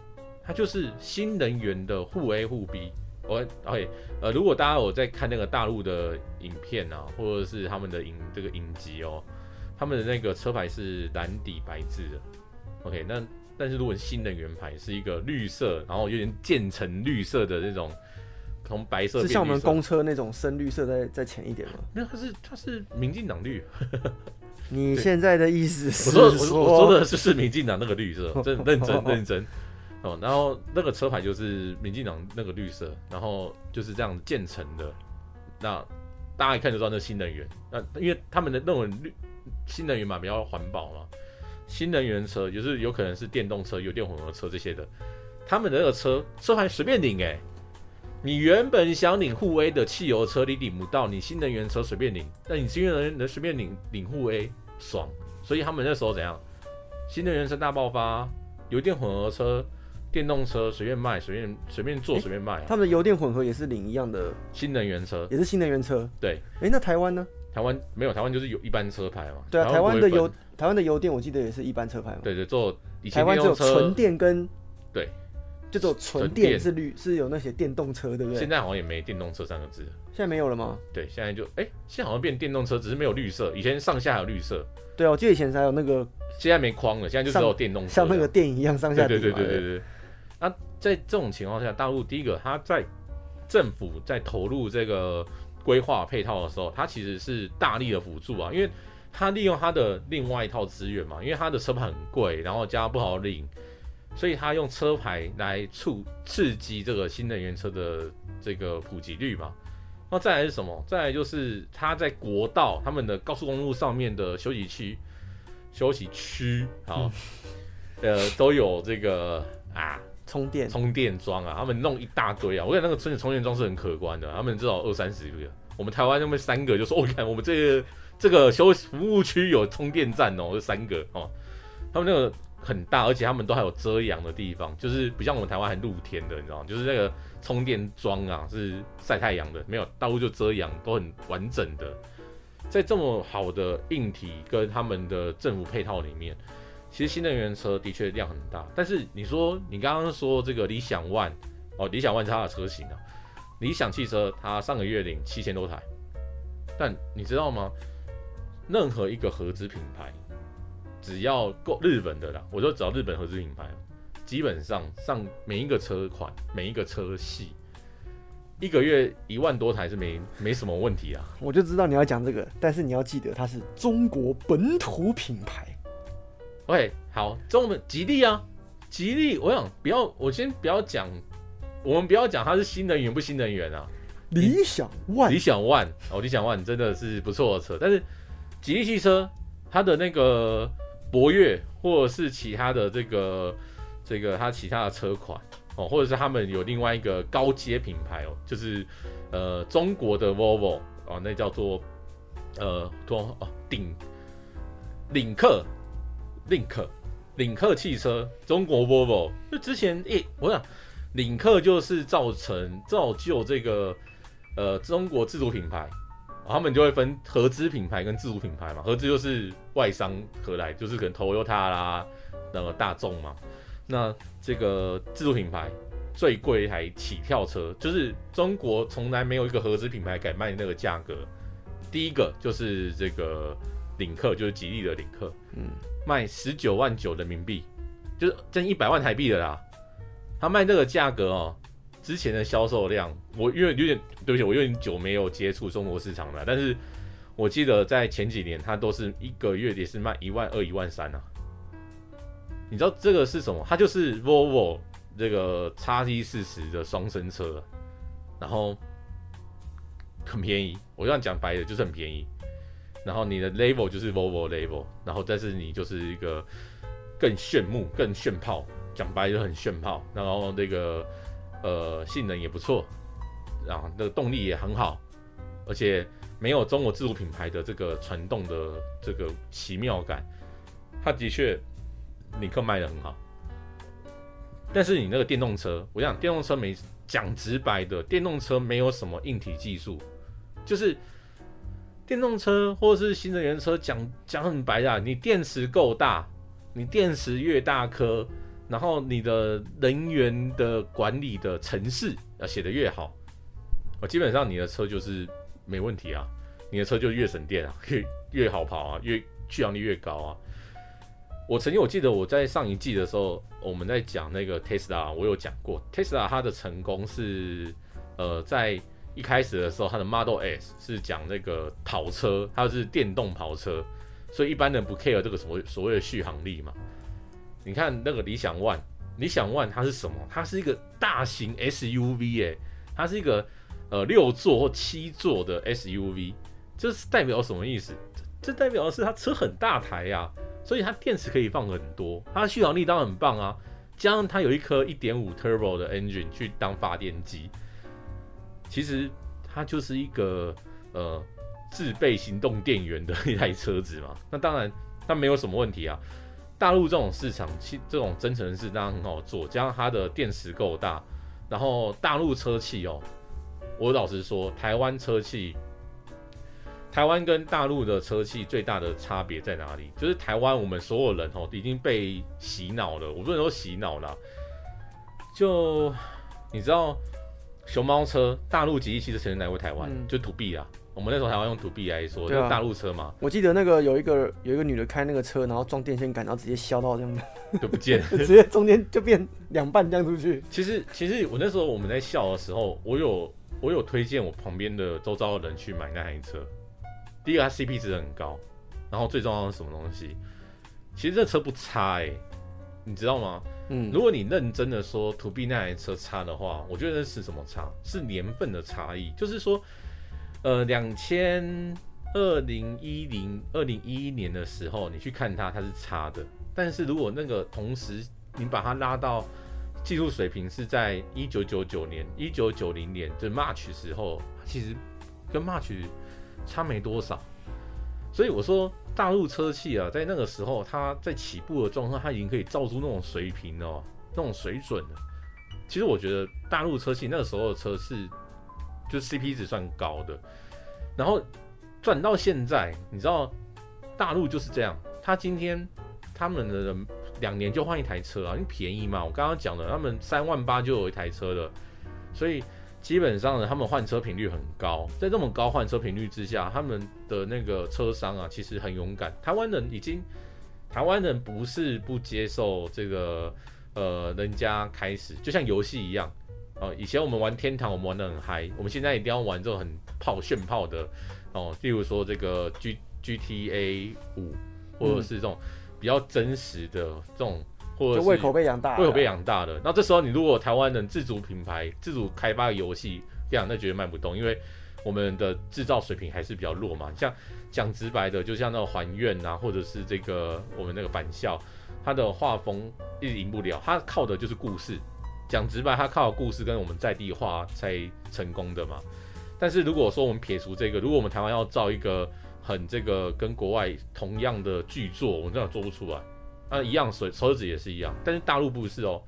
它就是新能源的滬 A 滬 B。我 OK，呃，如果大家有在看那個大陸的影片啊，或者是他們的影這個影集哦，他們的那個車牌是藍底白字的。OK，那但是如果新能源牌是一個綠色，然後有點漸層綠色的那種，從白色，色，是像我們公車那種深綠色再再淺一點嗎？那它是它是民進黨綠。 你現在的意思是說，我說的，我說的是民進黨那個綠色，認認真認真。認真 哦，然後那個車牌就是民進黨那個綠色，然後就是這樣建成的。那大家一看就知道那新能源。那、啊、因為他們的那種綠新能源嘛，比較環保嘛，新能源車就是有可能是電動車、油電混合車這些的。他們的那個車車牌隨便領誒、欸，你原本想領滬 A 的汽油車你領不到，你新能源車隨便領，那你新能源能隨便領領滬 A 爽。所以他們那時候怎樣？新能源車大爆發，油電混合車。電動車隨便賣，隨便隨便做，隨便賣。他們的油電混合也是領一樣的新能源車，也是新能源車。對，哎，那台灣呢？台灣沒有，台灣就是有一般車牌嘛。對啊，台灣的油台灣的油電，我記得也是一般車牌嘛。對對，做以前沒台灣只有純電跟對，就做純電是綠，是有那些電動車，對不對？現在好像也沒電動車三個字，現在沒有了嗎？對，現在就哎，現在好像變電動車，只是沒有綠色。以前上下有綠色。對啊，我記得以前才有那個。現在沒框了，現在就只有電動車，像那個電一樣上下。對對對對對。那在這種情況下，大陸第一個，他在政府在投入這個規劃配套的時候，他其實是大力的輔助啊，因為他利用他的另外一套資源嘛，因為他的車牌很貴，然後加不好領，所以他用車牌來促刺激這個新能源車的這個普及率嘛。那再來是什麼？再來就是他在國道、他們的高速公路上面的休息區、休息區啊，好 呃，都有這個啊。充電充電樁啊，他們弄一大堆啊！我感覺那個充充電樁是很可觀的，他們至少二三十個。我們台灣那邊三個，就說、哦、我看我們這個這個休息服務區有充電站哦，就三個哦。他們那個很大，而且他們都還有遮陽的地方，就是不像我們台灣很露天的，你知道嗎？就是那個充電樁啊，是曬太陽的，沒有到處就遮陽，都很完整的。在這麼好的硬體跟他們的政府配套裡面。其實新能源車的確量很大，但是你說你剛剛說這個理想 ONE 哦，理想 ONE 是它的車型啊，理想汽車它上個月領七千多台，但你知道嗎？任何一個合資品牌，只要夠日本的啦，我說只要日本合資品牌，基本上上每一個車款每一個車系，一個月一萬多台是沒沒什麼問題啊。我就知道你要講這個，但是你要記得它是中國本土品牌。喂，okay, 好，中國吉利啊，吉利，我想不要，我先不要講，我們不要講它是新能源不新能源啊，理想 ONE，理想 ONE，哦，理想 ONE 真的是不錯的車，但是吉利汽車它的那個博越或者是其他的這個這個它其他的車款哦，或者是他們有另外一個高階品牌哦，就是呃中國的 Volvo 哦，那個、叫做呃托哦頂，領克。領克，Link, 領克汽車，中國 Volvo 就之前，誒、欸，我想，領克就是造成造就這個，呃，中國自主品牌，他們就會分合資品牌跟自主品牌嘛。合資就是外商合來，就是可能 Toyota 啦，那個大眾嘛。那這個自主品牌最貴一台起跳車，就是中國從來沒有一個合資品牌敢賣那個價格。第一個就是這個領克，就是吉利的領克，嗯。賣十九萬九人民幣，就是掙一百萬台幣的啦。他賣這個價格哦、喔，之前的銷售量，我因為有點對不起，我有點久沒有接觸中國市場了。但是我記得在前幾年，他都是一個月也是賣一萬二、一萬三啊。你知道這個是什麼？它就是 Volvo 這個 X T 四十的雙生車，然後很便宜。我就這樣講白了，就是很便宜。然後你的 level 就是 volvo level，然後但是你就是一個更炫目、更炫炮，講白就很炫炮。然後那個呃，性能也不錯，然後那個動力也很好，而且沒有中國自主品牌的這個傳動的這個奇妙感。它的確，領克賣得很好。但是你那個電動車，我想電動車，沒講直白的，電動車沒有什麼硬體技術，就是。電動車或者是新能源車講，講講很白的，你電池夠大，你電池越大顆，然後你的能源的管理的程式啊寫得越好，我基本上你的車就是沒問題啊，你的車就越省電啊，越越好跑啊，越續航力越高啊。我曾經我記得我在上一季的時候，我們在講那個 Tesla，我有講過 Tesla 它的成功是呃在。一開始的時候，它的 Model S 是講那個跑車，它就是電動跑車，所以一般人不 care 這個所謂所謂的續航力嘛。你看那個理想 ONE，理想 ONE 它是什麼？它是一個大型 SUV 哎、欸，它是一個呃六座或七座的 SUV，這是代表什麼意思？這代表的是它車很大台呀、啊，所以它電池可以放很多，它的續航力當然很棒啊。加上它有一顆1.5 turbo 的 engine 去當發電機。其實它就是一個呃自備行動電源的一台車子嘛，那當然它沒有什麼問題啊。大陸這種市場這種增程式當然很好做，加上它的電池夠大，然後大陸車企哦，我老實說，台灣車企，台灣跟大陸的車企最大的差別在哪裡？就是台灣我們所有人哦已經被洗腦了，我不能說洗腦啦、啊，就你知道。熊貓車，大陸吉利汽車曾經來過台灣，嗯、就土幣啊。我們那時候台灣用土幣來說，就、啊、大陸車嘛。我記得那個有一個有一個女的開那個車，然後撞電線桿，然後直接削到這樣，就不見了， 直接中間就變兩半這樣出去。 其實其實我那時候我們在笑的時候，我有我有推薦我旁邊的周遭的人去買那台車。第一個，它 CP 值很高，然後最重要的是什麼東西？其實這車不差、欸。你知道嗎？嗯，如果你認真的說，To B 那台車差的話，我覺得那是什麼差？是年份的差異。就是說，呃，兩千二零一零、二零一一年的時候，你去看它，它是差的。但是如果那個同時，你把它拉到技術水平是在一九九九年、一九九零年，就 March 時候，其實跟 March 差沒多少。所以我說，大陸車企啊，在那個時候，它在起步的狀況，它已經可以造出那種水平哦，那種水準了。其實我覺得大陸車企那個時候的車是，就 CP 值算高的。然後轉到現在，你知道大陸就是這樣，他今天他們的人兩年就換一台車啊，因為便宜嘛。我剛剛講了，他們三萬八就有一台車了，所以。基本上呢，他們換車頻率很高，在這麼高換車頻率之下，他們的那個車商啊，其實很勇敢。台灣人已經，台灣人不是不接受這個，呃，人家開始就像遊戲一樣，哦、呃，以前我們玩天堂，我們玩得很嗨，我們現在一定要玩這種很炮炫炮的，哦、呃，例如說這個 G GTA 五，或者是這種比較真實的、嗯、這種。或者是胃口被養大，胃口被養大的。那這時候你如果台灣人自主品牌、自主開發遊戲，這樣那絕對賣不動，因為我們的制造水平還是比較弱嘛。像講直白的，就像那《還願》吶，或者是這個我們那個《返校》，它的畫風一直贏不了，它靠的就是故事。講直白，它靠的故事跟我們在地化才成功的嘛。但是如果說我們撇除這個，如果我們台灣要造一個很這個跟國外同樣的巨作，我們真的做不出來。啊，一樣，所以車子也是一樣，但是大陸不是哦，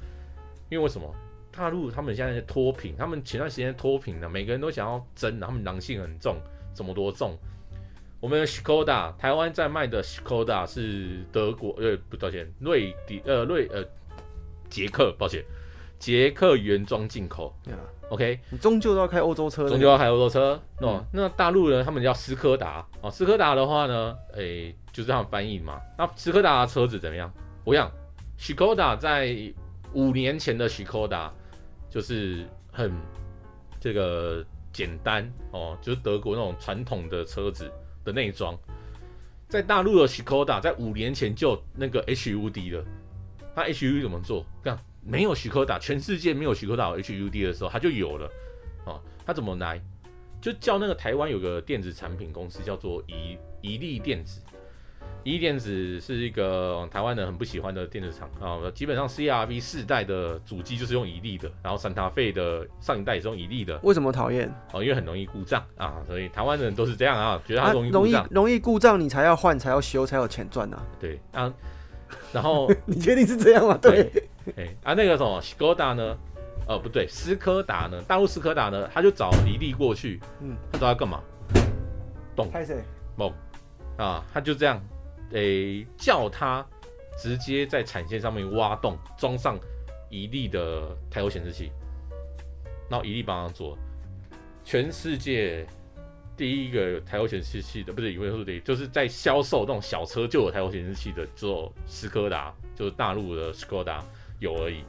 因為為什麼大陸他們現在是脫貧，他們前段時間脫貧了，每個人都想要爭，他們狼性很重，怎麼多重？我們的斯柯達，台灣在賣的斯柯達是德國，呃、欸，不，抱歉，瑞迪呃瑞呃捷克，抱歉，捷克原裝進口。嗯 OK，你終究都要開歐洲車了，終究要開歐洲車。那、嗯哦、那大陸人他們叫斯柯達哦，斯柯達的話呢，誒就是他們翻譯嘛。那斯柯達的車子怎麼樣？不一樣。斯柯達在五年前的斯柯達就是很這個簡單哦，就是德國那種傳統的車子的內裝。在大陸的斯柯達在五年前就那個 HUD 了，它 HUD 怎麼做？這樣。沒有許可打，全世界沒有許可打。HUD 的時候，他就有了，啊，他怎麼來？就叫那個台灣有個電子產品公司叫做怡、怡利電子，怡利電子是一個台灣人很不喜歡的電子廠啊，基本上 CRV 四代的主機就是用怡利的，然後 Santa Fe 的上一代也是用怡利的。為什麼討厭？哦、啊，因為很容易故障啊，所以台灣人都是這樣啊，覺得它容易容易容易故障，故障你才要換，才要修，才有錢賺啊。對啊。 然後你確定是這樣嗎？對，哎啊，那個什麼斯柯達呢？呃，不對，斯柯達呢，大陸斯柯達呢，他就找一利過去，嗯，他找他幹嘛？洞？開始？啊，他就這樣，誒、欸，叫他直接在產線上面挖洞，裝上一利的抬頭顯示器，然後一利幫他做，全世界。第一個有抬頭顯示器的不是，也不是第一，就是在銷售那種小車就有抬頭顯示器的，只有斯柯達，就是大陸的斯柯達有而已。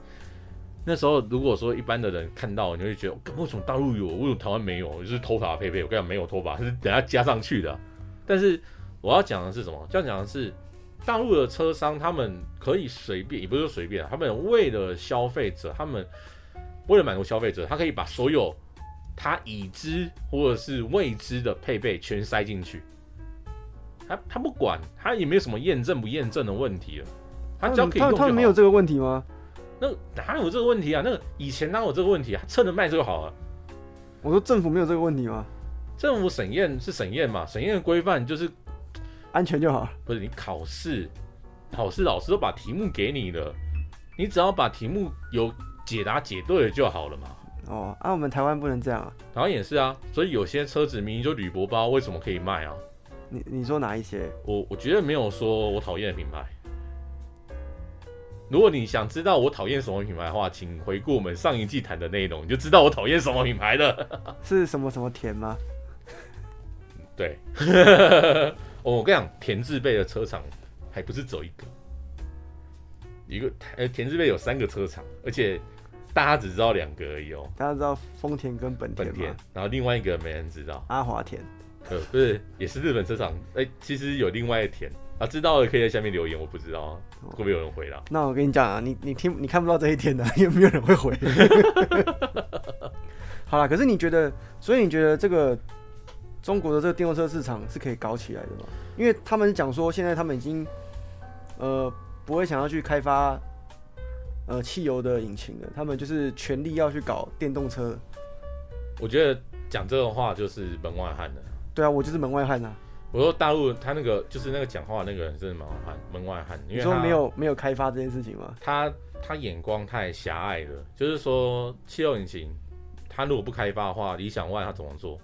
那時候如果說一般的人看到，你會覺得，為、哦、為什麼大陸有，為什麼台灣沒有？就是偷把配備，我跟你講沒有偷把，是等下加上去的。但是我要講的是什麼？要講的是大陸的車商，他們可以隨便，也不是說隨便，他們為了消費者，他們為了滿足消費者，他可以把所有。他已知或者是未知的配備全塞進去，他他不管，他也沒有什麼驗證不驗證的問題了，他只要可以用，他沒有這個問題嗎？那哪有這個問題啊？那個以前哪有這個問題啊？趁着賣就好了。我說政府沒有這個問題嗎？政府審驗是審驗嘛，審驗規範就是安全就好了。不是你考試，考試老師都把題目給你了，你只要把題目有解答解對了就好了嘛。哦，啊，我們台灣不能這樣啊，台灣也是啊，所以有些車子明明就鋁箔包，為什麼可以賣啊？你你說哪一些？我我絕對沒有說我討厭的品牌。如果你想知道我討厭什麼品牌的話，請回顧我們上一季談的內容，你就知道我討厭什麼品牌了。是什麼什麼田嗎？ 對，我 我跟你講，田字輩的車廠還不是走一個，一個呃，田字輩有三個車廠，而且。大家只知道兩個而已哦、喔，大家知道豐田跟本田嘛，然後另外一個沒人知道。阿華田，呃，不是，也是日本車廠。哎、欸，其實有另外一田啊，知道的可以在下面留言。我不知道會不會有人回答，那我跟你講啊，你你聽你看不到這一天的、啊，因為沒有人會回。好了，可是你覺得，所以你覺得這個中國的這個電動車市場是可以搞起來的嗎？因為他們講說，現在他們已經呃不會想要去開發。呃，汽油的引擎的，他們就是全力要去搞電動車。我覺得講這種話就是門外漢的。對啊，我就是門外漢吶、啊。我說大陸他那個就是那個講話的那個人真的蠻外行，門外漢。因為他說沒有沒有開發這件事情嗎？他他眼光太狹隘了，就是說汽油引擎，他如果不開發的話，理想 ONE 他怎麼做？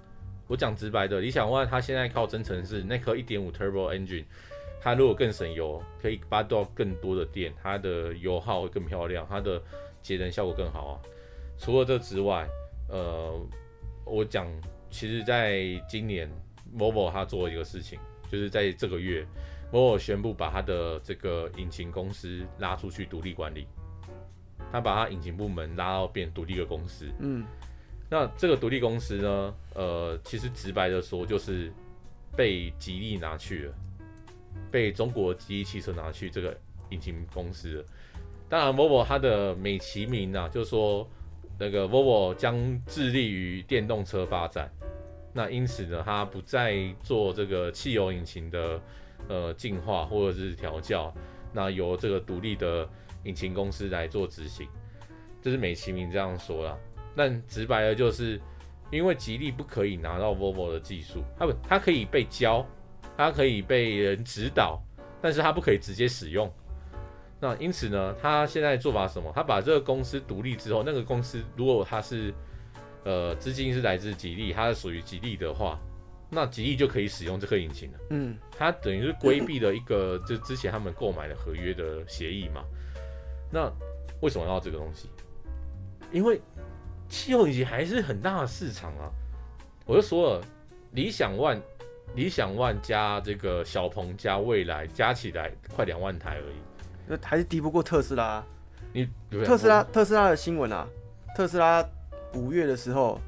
我講直白的，理想 ONE 他現在靠增程式那顆1.5 turbo engine。它如果更省油，可以拔到更多的電，它的油耗會更漂亮，它的節能效果更好啊。除了這之外，呃，我講，其實在今年 Volvo 他做了一個事情，就是在這個月 Volvo 宣布把他的這個引擎公司拉出去獨立管理，他把他引擎部門拉到變獨立的公司。嗯，那這個獨立公司呢，呃，其實直白的說，就是被吉利拿去了。被中國吉利汽車拿去這個引擎公司，當然 Volvo 它的美其名呢，啊，就是說那個 Volvo 將致力於電動車發展，那因此呢，它不再做這個汽油引擎的呃進化或者是調教，那由這個獨立的引擎公司來做執行，這是美其名這樣說了，但直白的就是因為吉利不可以拿到 Volvo 的技術，它不，它可以被教。它可以被人指導，但是它不可以直接使用。那因此呢，他現在做法什麼？他把這個公司獨立之後，那個公司如果他是呃資金是來自吉利，它是屬於吉利的話，那吉利就可以使用這顆引擎了。嗯，他等於是規避了一個，就之前他們購買的合約的協議嘛。那為什麼要到這個東西？因為汽油引擎還是很大的市場啊。我就說了，理想 ONE。理想 ONE 加這個小鵬加蔚來加起來快兩萬台而已，那、哦、還是敵不過特斯拉。你特斯拉特斯拉的新聞啊，特斯拉五月的時候，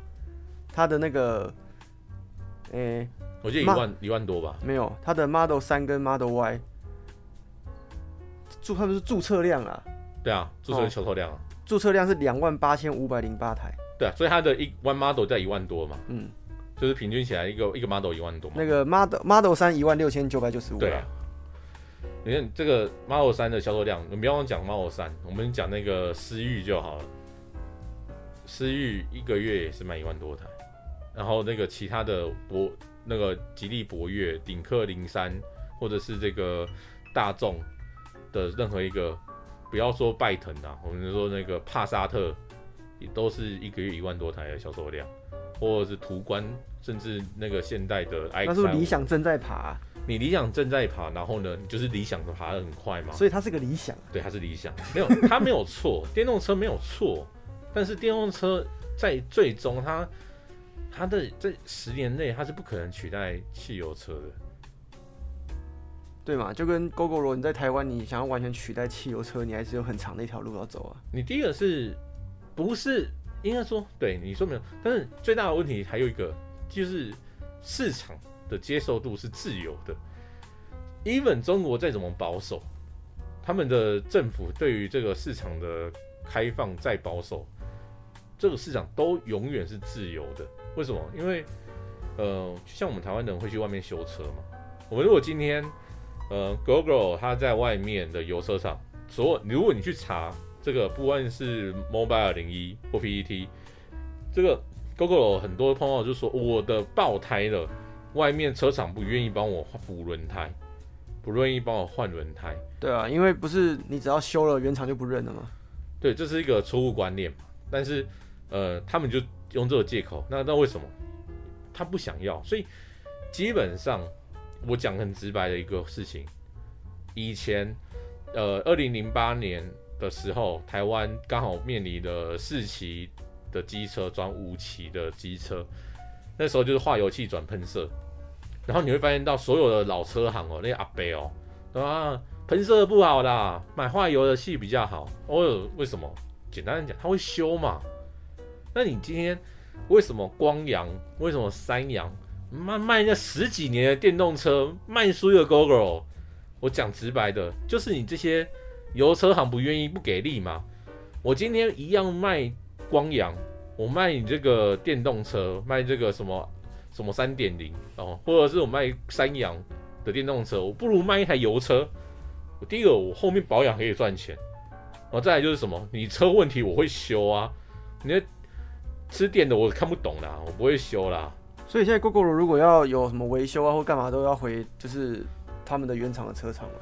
它的那個，哎、欸，我記得一萬一馬萬多吧？沒有，它的 Model 三跟 Model Y，注他們是注冊量啊？對啊，注冊銷售量，啊，注冊、哦、量是兩萬八千五百零八台。對啊，所以它的一 One Model 在一萬多嘛？嗯。就是平均起來一，一個一個 model 一萬多嘛，那個 model model 三一萬六千九百九十五。對啊，你看這個 model 三的銷售量，你不要講 model 三，我們講那個思域就好了。思域一個月也是賣一萬多台，然後那個其他的博，那個吉利博越、領克零三，或者是這個大眾的任何一個，不要說拜騰啊，我們就說那個帕薩特也都是一個月一萬多台的銷售量。或者是途觀，甚至那個現代的、I，X，那是，不是理想正在爬、啊。你理想正在爬，然後呢，你就是理想的爬的很快嘛。所以它是個理想、啊，對，它是理想，沒有，它沒有錯， 電動車沒有錯，但是電動車在最終，它它的在這十年內，它是不可能取代汽油車的。對嘛？就跟 Gogoro，你在台灣，你想要完全取代汽油車，你還是有很長的一條路要走啊。你第一個是不是？應該說，對你說沒有，但是最大的問題還有一個，就是市場的接受度是自由的。Even 中國再怎麼保守，他們的政府對於這個市場的開放再保守，這個市場都永遠是自由的。為什麼？因為呃，就像我們台灣人會去外面修車嘛。我們如果今天呃，Google 他在外面的油車廠，所如果你去查。這個不管是 Mobile 01或 PET，這個 Gogoro 很多朋友就說我的爆胎了，外面車廠不願意幫我補輪胎，不願意幫我換輪胎。對啊，因為不是你只要修了原廠就不認了嗎？對，這是一個錯誤觀念。但是呃，他們就用這個借口。那那為什麼？他不想要，所以基本上我講很直白的一個事情，以前呃，二零零八年。的時候，台灣剛好面臨了四期的機車轉五期的機車，那時候就是化油器轉噴射，然後你會發現到所有的老車行哦、喔，那些、個、阿伯哦、喔，啊噴射的不好啦，買化油的氣比較好。哦，為什麼？簡單講，它會修嘛。那你今天為什麼光陽？為什麼三陽？賣賣那十幾年的電動車，賣輸一個 Gogoro。我講直白的，就是你這些。油車行不願意不給力嘛？我今天一樣賣光陽，我賣你這個電動車，賣這個什麼什麼三點零哦，或者是我賣三陽的電動車，我不如賣一台油車。第一個，我後面保養可以賺錢。然後再來就是什麼，你車問題我會修啊。你吃電的我看不懂啦，我不會修啦。所以現在 Gogoro 如果要有什麼維修啊或幹嘛都要回就是他們的原廠的車廠了。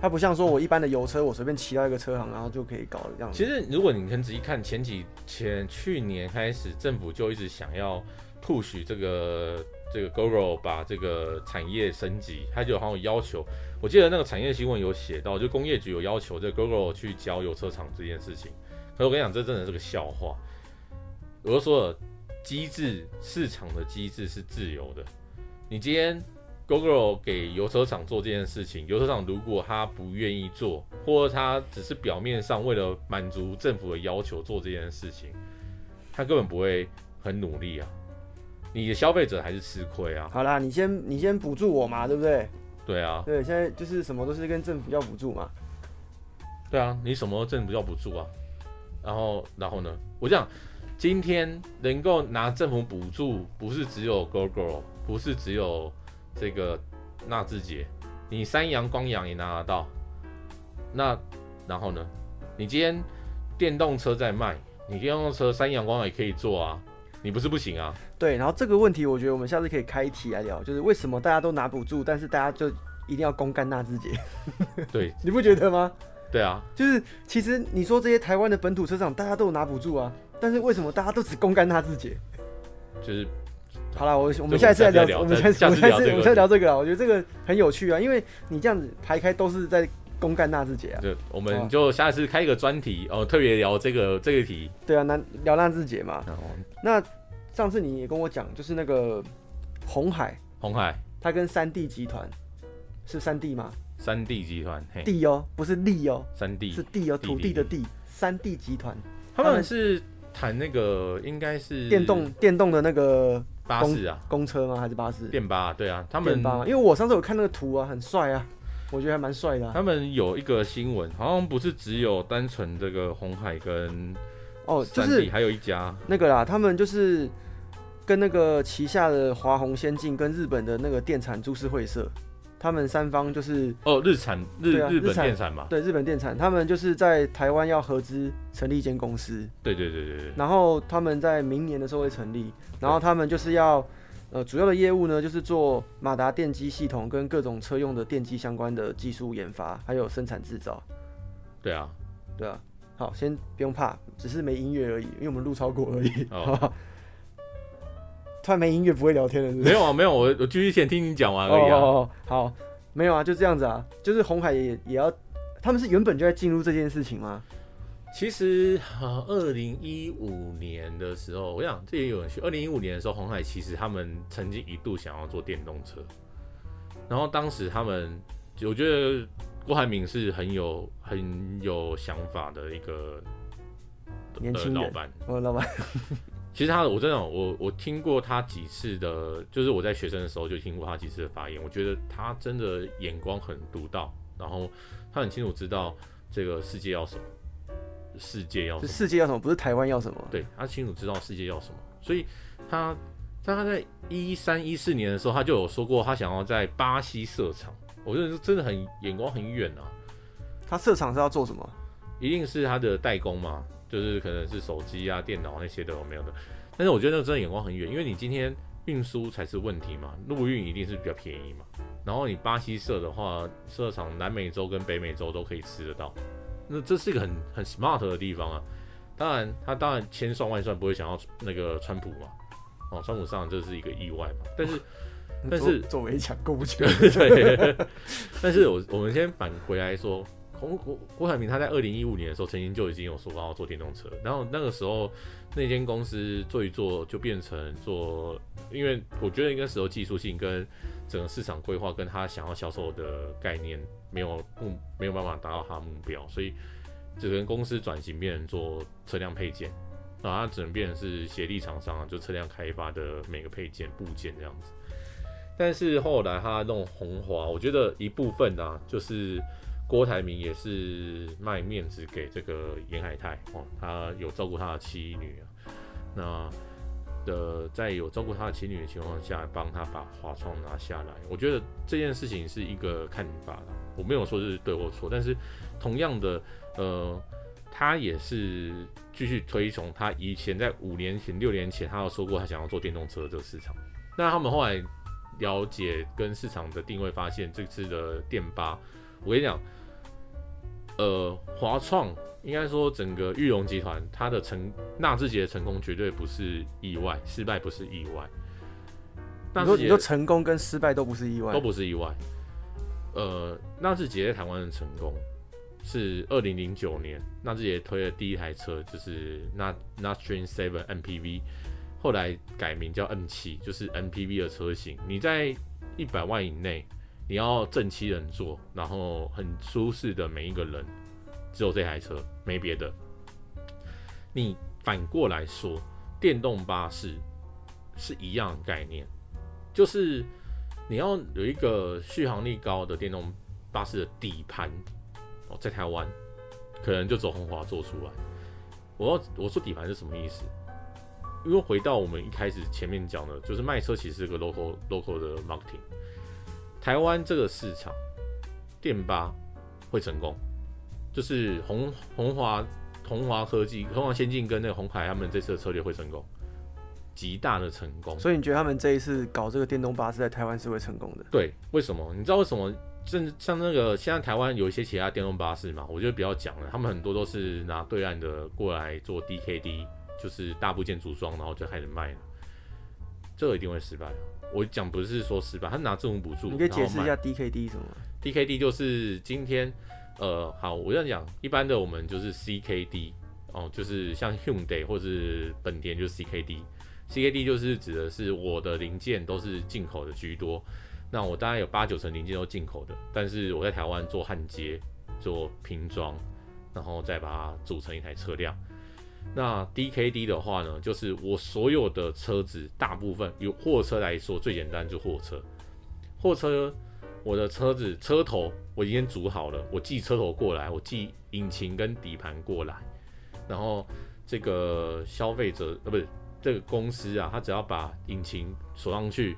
它不像說，我一般的油車，我隨便騎到一個車行，然後就可以搞的這樣子。其實，如果你很仔細看，前幾前去年開始，政府就一直想要 push 這個這個 GoGo 把這個產業升級，它就有很有要求。我記得那個產業新聞有寫到，就工業局有要求這 GoGo 去交油車廠這件事情。可是我跟你講，這真的是個笑話。我都說了，機制市場的機制是自由的，你今天。Google 給油車廠做這件事情，油車廠如果他不願意做，或者他只是表面上為了滿足政府的要求做這件事情，他根本不會很努力啊！你的消費者還是吃虧啊！好啦，你先你先補助我嘛，對不對？對啊，對，現在就是什麼都是跟政府要補助嘛。對啊，你什麼政府要補助啊？然後然後呢？我想今天能夠拿政府補助不是只有，不是只有 Google，不是只有。這個納智捷，你三陽光陽也拿得到，那然後呢？你今天電動車在賣，你電動車三陽光陽也可以做啊，你不是不行啊？對，然後這個問題，我覺得我們下次可以開題來聊，就是為什麼大家都拿補助，但是大家就一定要公幹納智捷？ 對，你不覺得嗎？對啊，就是其實你說這些台灣的本土車廠，大家都有拿補助啊，但是為什麼大家都只公幹納智捷？就是。好了，我我們下次再聊。我們先我們下次聊這個了。我覺得這個很有趣啊，因為你這樣子排開都是在公幹納智杰啊。對我們就下次開一個專題哦，特別聊這個這個題。對啊，聊納智杰嘛。那上次你也跟我講，就是那個紅海，紅海，他跟三 D 集團是三 D 嗎？三 D 集團地哦，不是利哦，三 D 是地哦，土地的地，三 D 集團。他們是談那個應該是電動電動的那個。巴士啊公，公車嗎？還是巴士？電巴、啊，對啊，他們、啊，因為我上次有看那個圖啊，很帥啊，我覺得還蠻帥的、啊。他們有一個新聞，好像不是只有單純這個鴻海跟，哦，就是還有一家那個啦，他們就是跟那個旗下的鴻華先進跟日本的那個電產株式會社。他們三方就是哦，日產日、啊、日產、日本電產嘛，對，日本電產，他們就是在台灣要合資成立一間公司，對對對對對，然後他們在明年的時候會成立，然後他們就是要對呃，主要的業務呢就是做馬達電機系統跟各種車用的電機相關的技術研發還有生產製造，對啊對啊，好，先不用怕，只是沒音樂而已，因為我們錄超過而已。哦 太沒音樂，不會聊天了是不是？沒有啊，沒有、啊，我我繼續先聽你講完了、啊。哦，oh, oh, oh, oh, oh, 好，沒有啊，就這樣子啊，就是鴻海也也要，他們是原本就在進入這件事情嗎？其實，呃、啊，二零一五年的時候，我想這也有人去。二零一五年的時候，鴻海其實他們曾經一度想要做電動車，然後當時他們，我覺得郭台銘是很有很有想法的一個、呃、年輕老板闆。哦，的老板。 其實他，我真的，我我聽過他幾次的，就是我在學生的時候就聽過他幾次的發言，我覺得他真的眼光很獨到，然後他很清楚知道這個世界要什麼，世界要，世界要什麼，不是台灣要什麼，對，他清楚知道世界要什麼，所以他，他在一三一四年的時候，他就有說過他想要在巴西設廠，我覺得是真的很眼光很遠啊，他設廠是要做什麼？一定是他的代工嘛。就是可能是手機啊、電腦、啊、那些的有沒有的，但是我覺得那個真的眼光很遠，因為你今天運輸才是問題嘛，陸運一定是比較便宜嘛。然後你巴西設的話，設廠南美洲跟北美洲都可以吃得到，那這是一個很很 smart 的地方啊。當然，他當然千算萬算不會想要那個川普嘛，哦，川普上這是一個意外嘛。但是但是作為搶購物球，不 對，對，對， 但是我我們先返回來說。郭郭郭台銘，他在二零一五年的時候，曾經就已經有說，然後做電動車。然後那個時候，那間公司做一做，就變成做，因為我覺得應該時候技術性跟整個市場規劃，跟他想要銷售的概念沒有嗯，沒有辦法達到他的目標，所以只能公司轉型變成做車輛配件，啊，它只能變成是協力廠商，就車輛開發的每個配件部件這樣子。但是後來他弄鴻華，我覺得一部分啊就是。郭台銘也是賣面子給這個嚴海泰哦，他有照顧他的妻女啊，那的在有照顧他的妻女的情況下，幫他把華創拿下來。我覺得這件事情是一個看法，我沒有說是對或錯，但是同樣的，呃，他也是繼續推崇他以前在五年前、六年前，他有說過他想要做電動車這個市場。那他們後來了解跟市場的定位，發現這次的電巴，我跟你講。呃，華創應該說整個裕隆集團，它的成納智捷的成功絕對不是意外，失敗不是意外。你說，你說成功跟失敗都不是意外，都不是意外。呃，納智捷在台灣的成功是二零零九年，納智捷推的第一台車就是納納智捷 Seven MPV，後來改名叫 M7，就是 MPV 的車型，你在一百萬以內。你要正七人座，然後很舒適的每一個人，只有這台車，沒別的。你反過來說，電動巴士是一樣概念，就是你要有一個續航力高的電動巴士的底盤。哦，在台灣可能就走鴻華做出來。我要我說底盤是什麼意思？因為回到我們一開始前面講的，就是賣車其實是個 local local 的 marketing。台灣這個市場，電巴會成功，就是紅紅華、鴻華科技、鴻華先進跟那個鴻海，他們這次的策略會成功，極大的成功。所以你覺得他們這一次搞這個電動巴士在台灣是會成功的？對，為什麼？你知道為什麼？正像那個像、那個、現在台灣有一些其他電動巴士嘛，我就比較講了，他們很多都是拿對岸的過來做 DKD，就是大部件組裝，然後就開始賣了，這個一定會失敗。我講不是說失敗，他拿這種補助。你可以解釋一下 DKD 什麼？DKD 就是今天，呃，好，我這樣講，一般的我們就是 CKD 哦，就是像 Hyundai 或是本田就是 CKD，CKD 就是指的是我的零件都是進口的居多，那我大概有八九成零件都進口的，但是我在台灣做焊接、做拼裝，然後再把它組成一台車輛。那 D K D 的話呢？就是我所有的車子大部分，由貨車來說最簡單就是貨車。貨車我的車子車頭我已經組好了，我寄車頭過來，我寄引擎跟底盤過來，然後這個消費者呃、啊、不是這個公司啊，他只要把引擎鎖上去，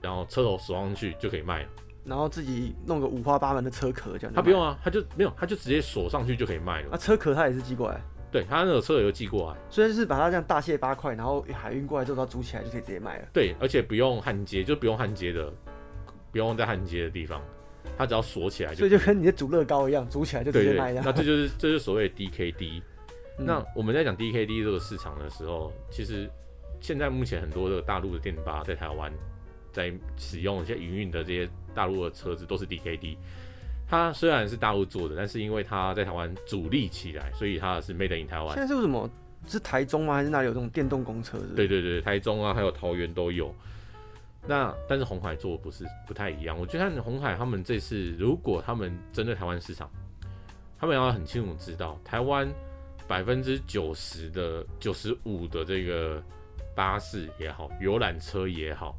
然後車頭鎖上去就可以賣了。然後自己弄個五花八門的車殼這樣就。他不用啊，他就沒有，他就直接鎖上去就可以賣了。那、啊、車殼他也是寄過來？對他那個車也有寄過來，所以是把它這樣大卸八塊，然後海運過來之後，它組起來就可以直接賣了。對，而且不用焊接，就不用焊接的，不用在焊接的地方，它只要鎖起來就可以。所以就跟你的組樂高一樣，組起來就直接賣了。對對。那這就是這就是所謂的 DKD。嗯、那我們在講 DKD 這個市場的時候，其實現在目前很多的大陸的電巴在台灣在使用，一些營運、運的這些大陸的車子都是 DKD。它雖然是大陸做的，但是因為它在台灣主力起來，所以它是 made in 台灣。現在是，是什麼？是台中嗎？還是哪裡有這種電動公車是是？對對對，台中啊，還有桃園都有。那但是鴻海做的不是不太一樣。我覺得鴻海他們這次，如果他們針對台灣市場，他們要很清楚知道，台灣百分之九十的、九十五的這個巴士也好、遊覽車也好，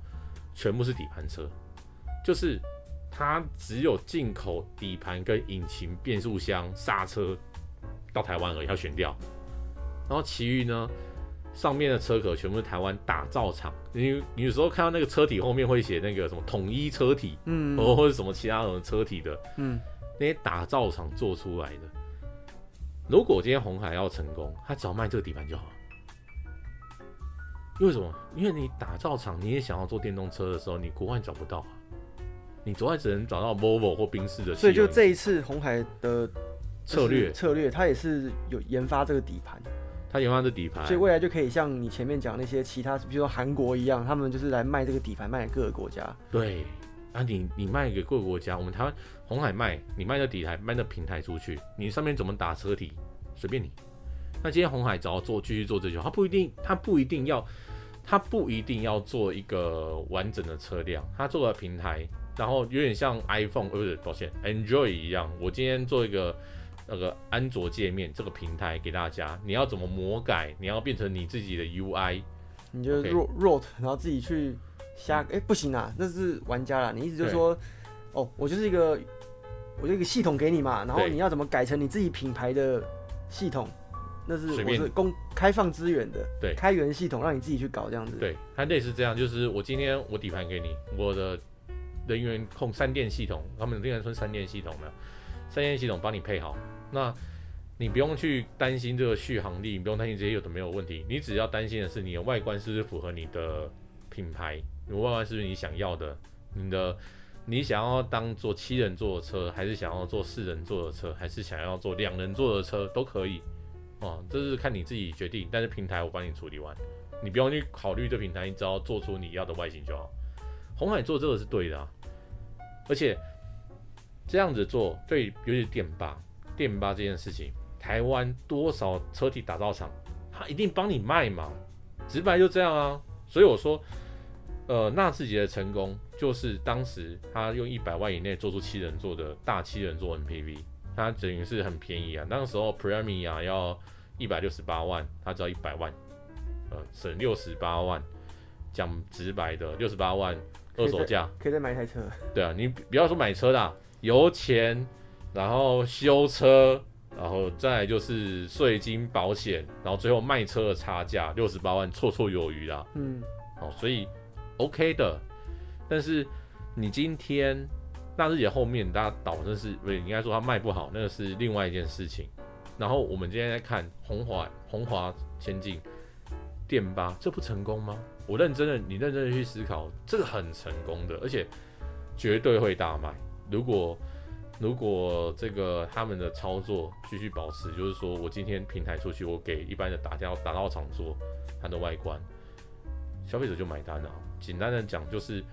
全部是底盤車，就是。它只有進口底盤、跟引擎、變速箱、剎車到台灣而已，要選掉。然後其餘呢，上面的車殼全部是台灣打造廠。你，你有時候看到那個車體後面會寫那個什麼統一車體，嗯，或者什麼其他什麼車體的，嗯，那些打造廠做出來的。如果今天鴻海要成功，他只要賣這個底盤就好。因為為什麼？因為你打造廠，你也想要做電動車的時候，你國外找不到啊。你總外只能找到 Volvo 或賓士的，所以就這一次鴻海的策略策略，它也是有研發這個底盤，它研發這底盤，所以未來就可以像你前面講那些其他，比如說韓國一樣，他們就是來賣這個底盤，賣各個國家。對，啊你你賣給各個國家，我們台灣鴻海賣，你賣的底台，賣的平台出去，你上面怎麼打車體，隨便你。那今天鴻海只要做繼續做這些，它不一定它不一定要它不一定要做一個完整的車輛，它做的平台。然後有點像 iPhone，哎，不是，抱歉，Android 一樣。我今天做一個那個安卓界面這個平台給大家，你要怎麼魔改？你要變成你自己的 UI？你就 root，Okay 然後自己去瞎。哎，不行啊，那是玩家啦。你意思就是說，對哦，我就是一個，我就一個系統給你嘛，然後你要怎麼改成你自己品牌的系統？對那是我是公開放資源的，對，開源系統讓你自己去搞這樣子。對，他類似這樣，就是我今天我底盤給你，我的。人員控三電系統，他們定然稱三電系統呢，三電系統幫你配好，那你不用去擔心這個續航力，你不用擔心這些，有的沒有問題，你只要擔心的是你的外觀是不是符合你的品牌，你的外觀是不是你想要的，你的你想要當做七人座的車，還是想要坐四人座的車，還是想要坐兩人座的車都可以，哦、啊，這是看你自己決定，但是平台我幫你處理完，你不用去考慮這平台，你只要做出你要的外形就好。鴻海做這個是對的，啊，而且這樣子做對，尤其電巴電巴這件事情，台灣多少車體打造廠，他、啊、一定幫你賣嘛，直白就這樣啊。所以我說，呃，納智捷的成功就是當時他用一百萬以內做出七人座的大七人座 MPV，他等於是很便宜啊。那個時候 Premier 要一百六十八萬，他只要一百萬，呃，省六十八萬。講直白的，六十八萬。二手價可以再買一台車，對啊，你不要說買車啦，油錢，然後修車，然後再來就是稅金、保險，然後最後賣車的差價六十八萬綽綽有餘啦。嗯，好，所以 OK 的。但是你今天納智捷後面，大家倒真是不應該說他賣不好，那個是另外一件事情。然後我們今天來看鴻華、鴻華先進電巴，這不成功嗎？我認真的，你認真的去思考，這個很成功的，而且絕對會大賣。如果如果這個他們的操作繼續保持，就是說我今天平台出去，我給一般的打造打造廠做它的外觀，消費者就買單了。簡單的講，就是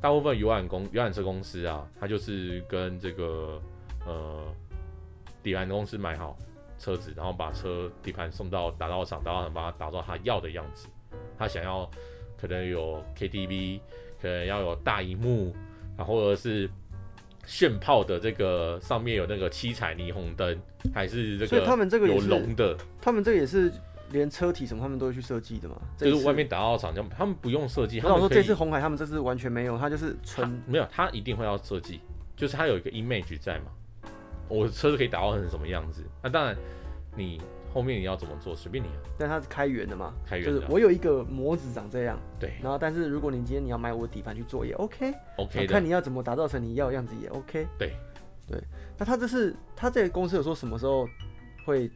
大部分遊覽公遊覽車公司啊，他就是跟這個呃底盤公司買好車子，然後把車底盤送到打造廠，打造廠把它打造他要的樣子。他想要可能有 KTV，可能要有大熒幕，然後或者是炫炮的這個上面有那個七彩霓虹燈，還是這個？所以他們這個有龍的，他們這個也是連車體什麼他們都會去設計的嘛？就是外面打造廠，他們不用設計。我跟你說，這次紅海他們這次完全沒有，他就是純沒有，他一定會要設計，就是他有一個 image 在嘛，我的車可以打造成什麼樣子？那、啊、當然你。後面你要怎麼做，隨便你，但它是開源的嘛？開源的。就是我有一個模子長這樣。對。然後，但是如果你今天你要買我底盤去做，也 OK, okay 的。OK。看你要怎麼打造成你要的樣子也 OK。對。對。那他這是，他這個公司有說什麼時候會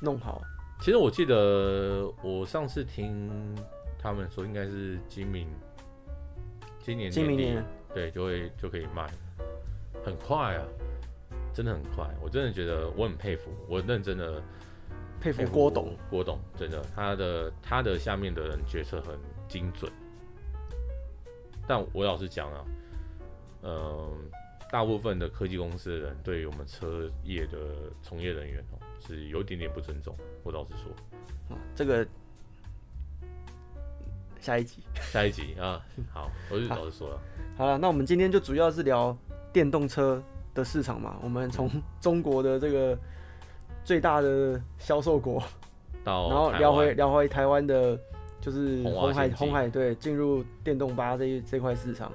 弄好？其實我記得我上次聽他們說，應該是今明，今年、年、今明年，對，就會就可以賣，很快啊，真的很快，我真的覺得我很佩服，我認真的。佩服郭董，郭董，郭董真的，他的他的下面的人決策很精準。但我老實講啊，嗯、呃，大部分的科技公司的人對於我們車業的從業人員哦、喔，是有一點點不尊重。我老實說啊，這個下一集，下一集啊，好，我就 老實說了。好了，那我們今天就主要是聊電動車的市場嘛，我們從中國的這個。嗯最大的銷售國，到，然後聊回聊回台灣的，就是紅海紅海對，進入電動巴這一這塊市場，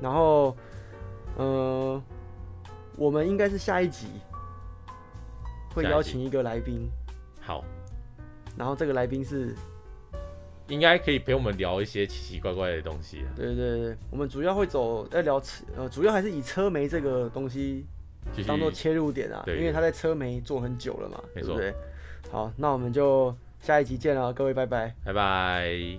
然後，嗯，我們應該是下一集會邀請一個來賓，好，然後這個來賓是應該可以陪我們聊一些奇奇怪怪的東西，對對對，我們主要會走在聊車，呃，主要還是以車媒這個東西。當做切入點啊，對因為他在車媒做很久了嘛，沒錯對不對？好，那我們就下一集見了，各位，拜拜，拜拜。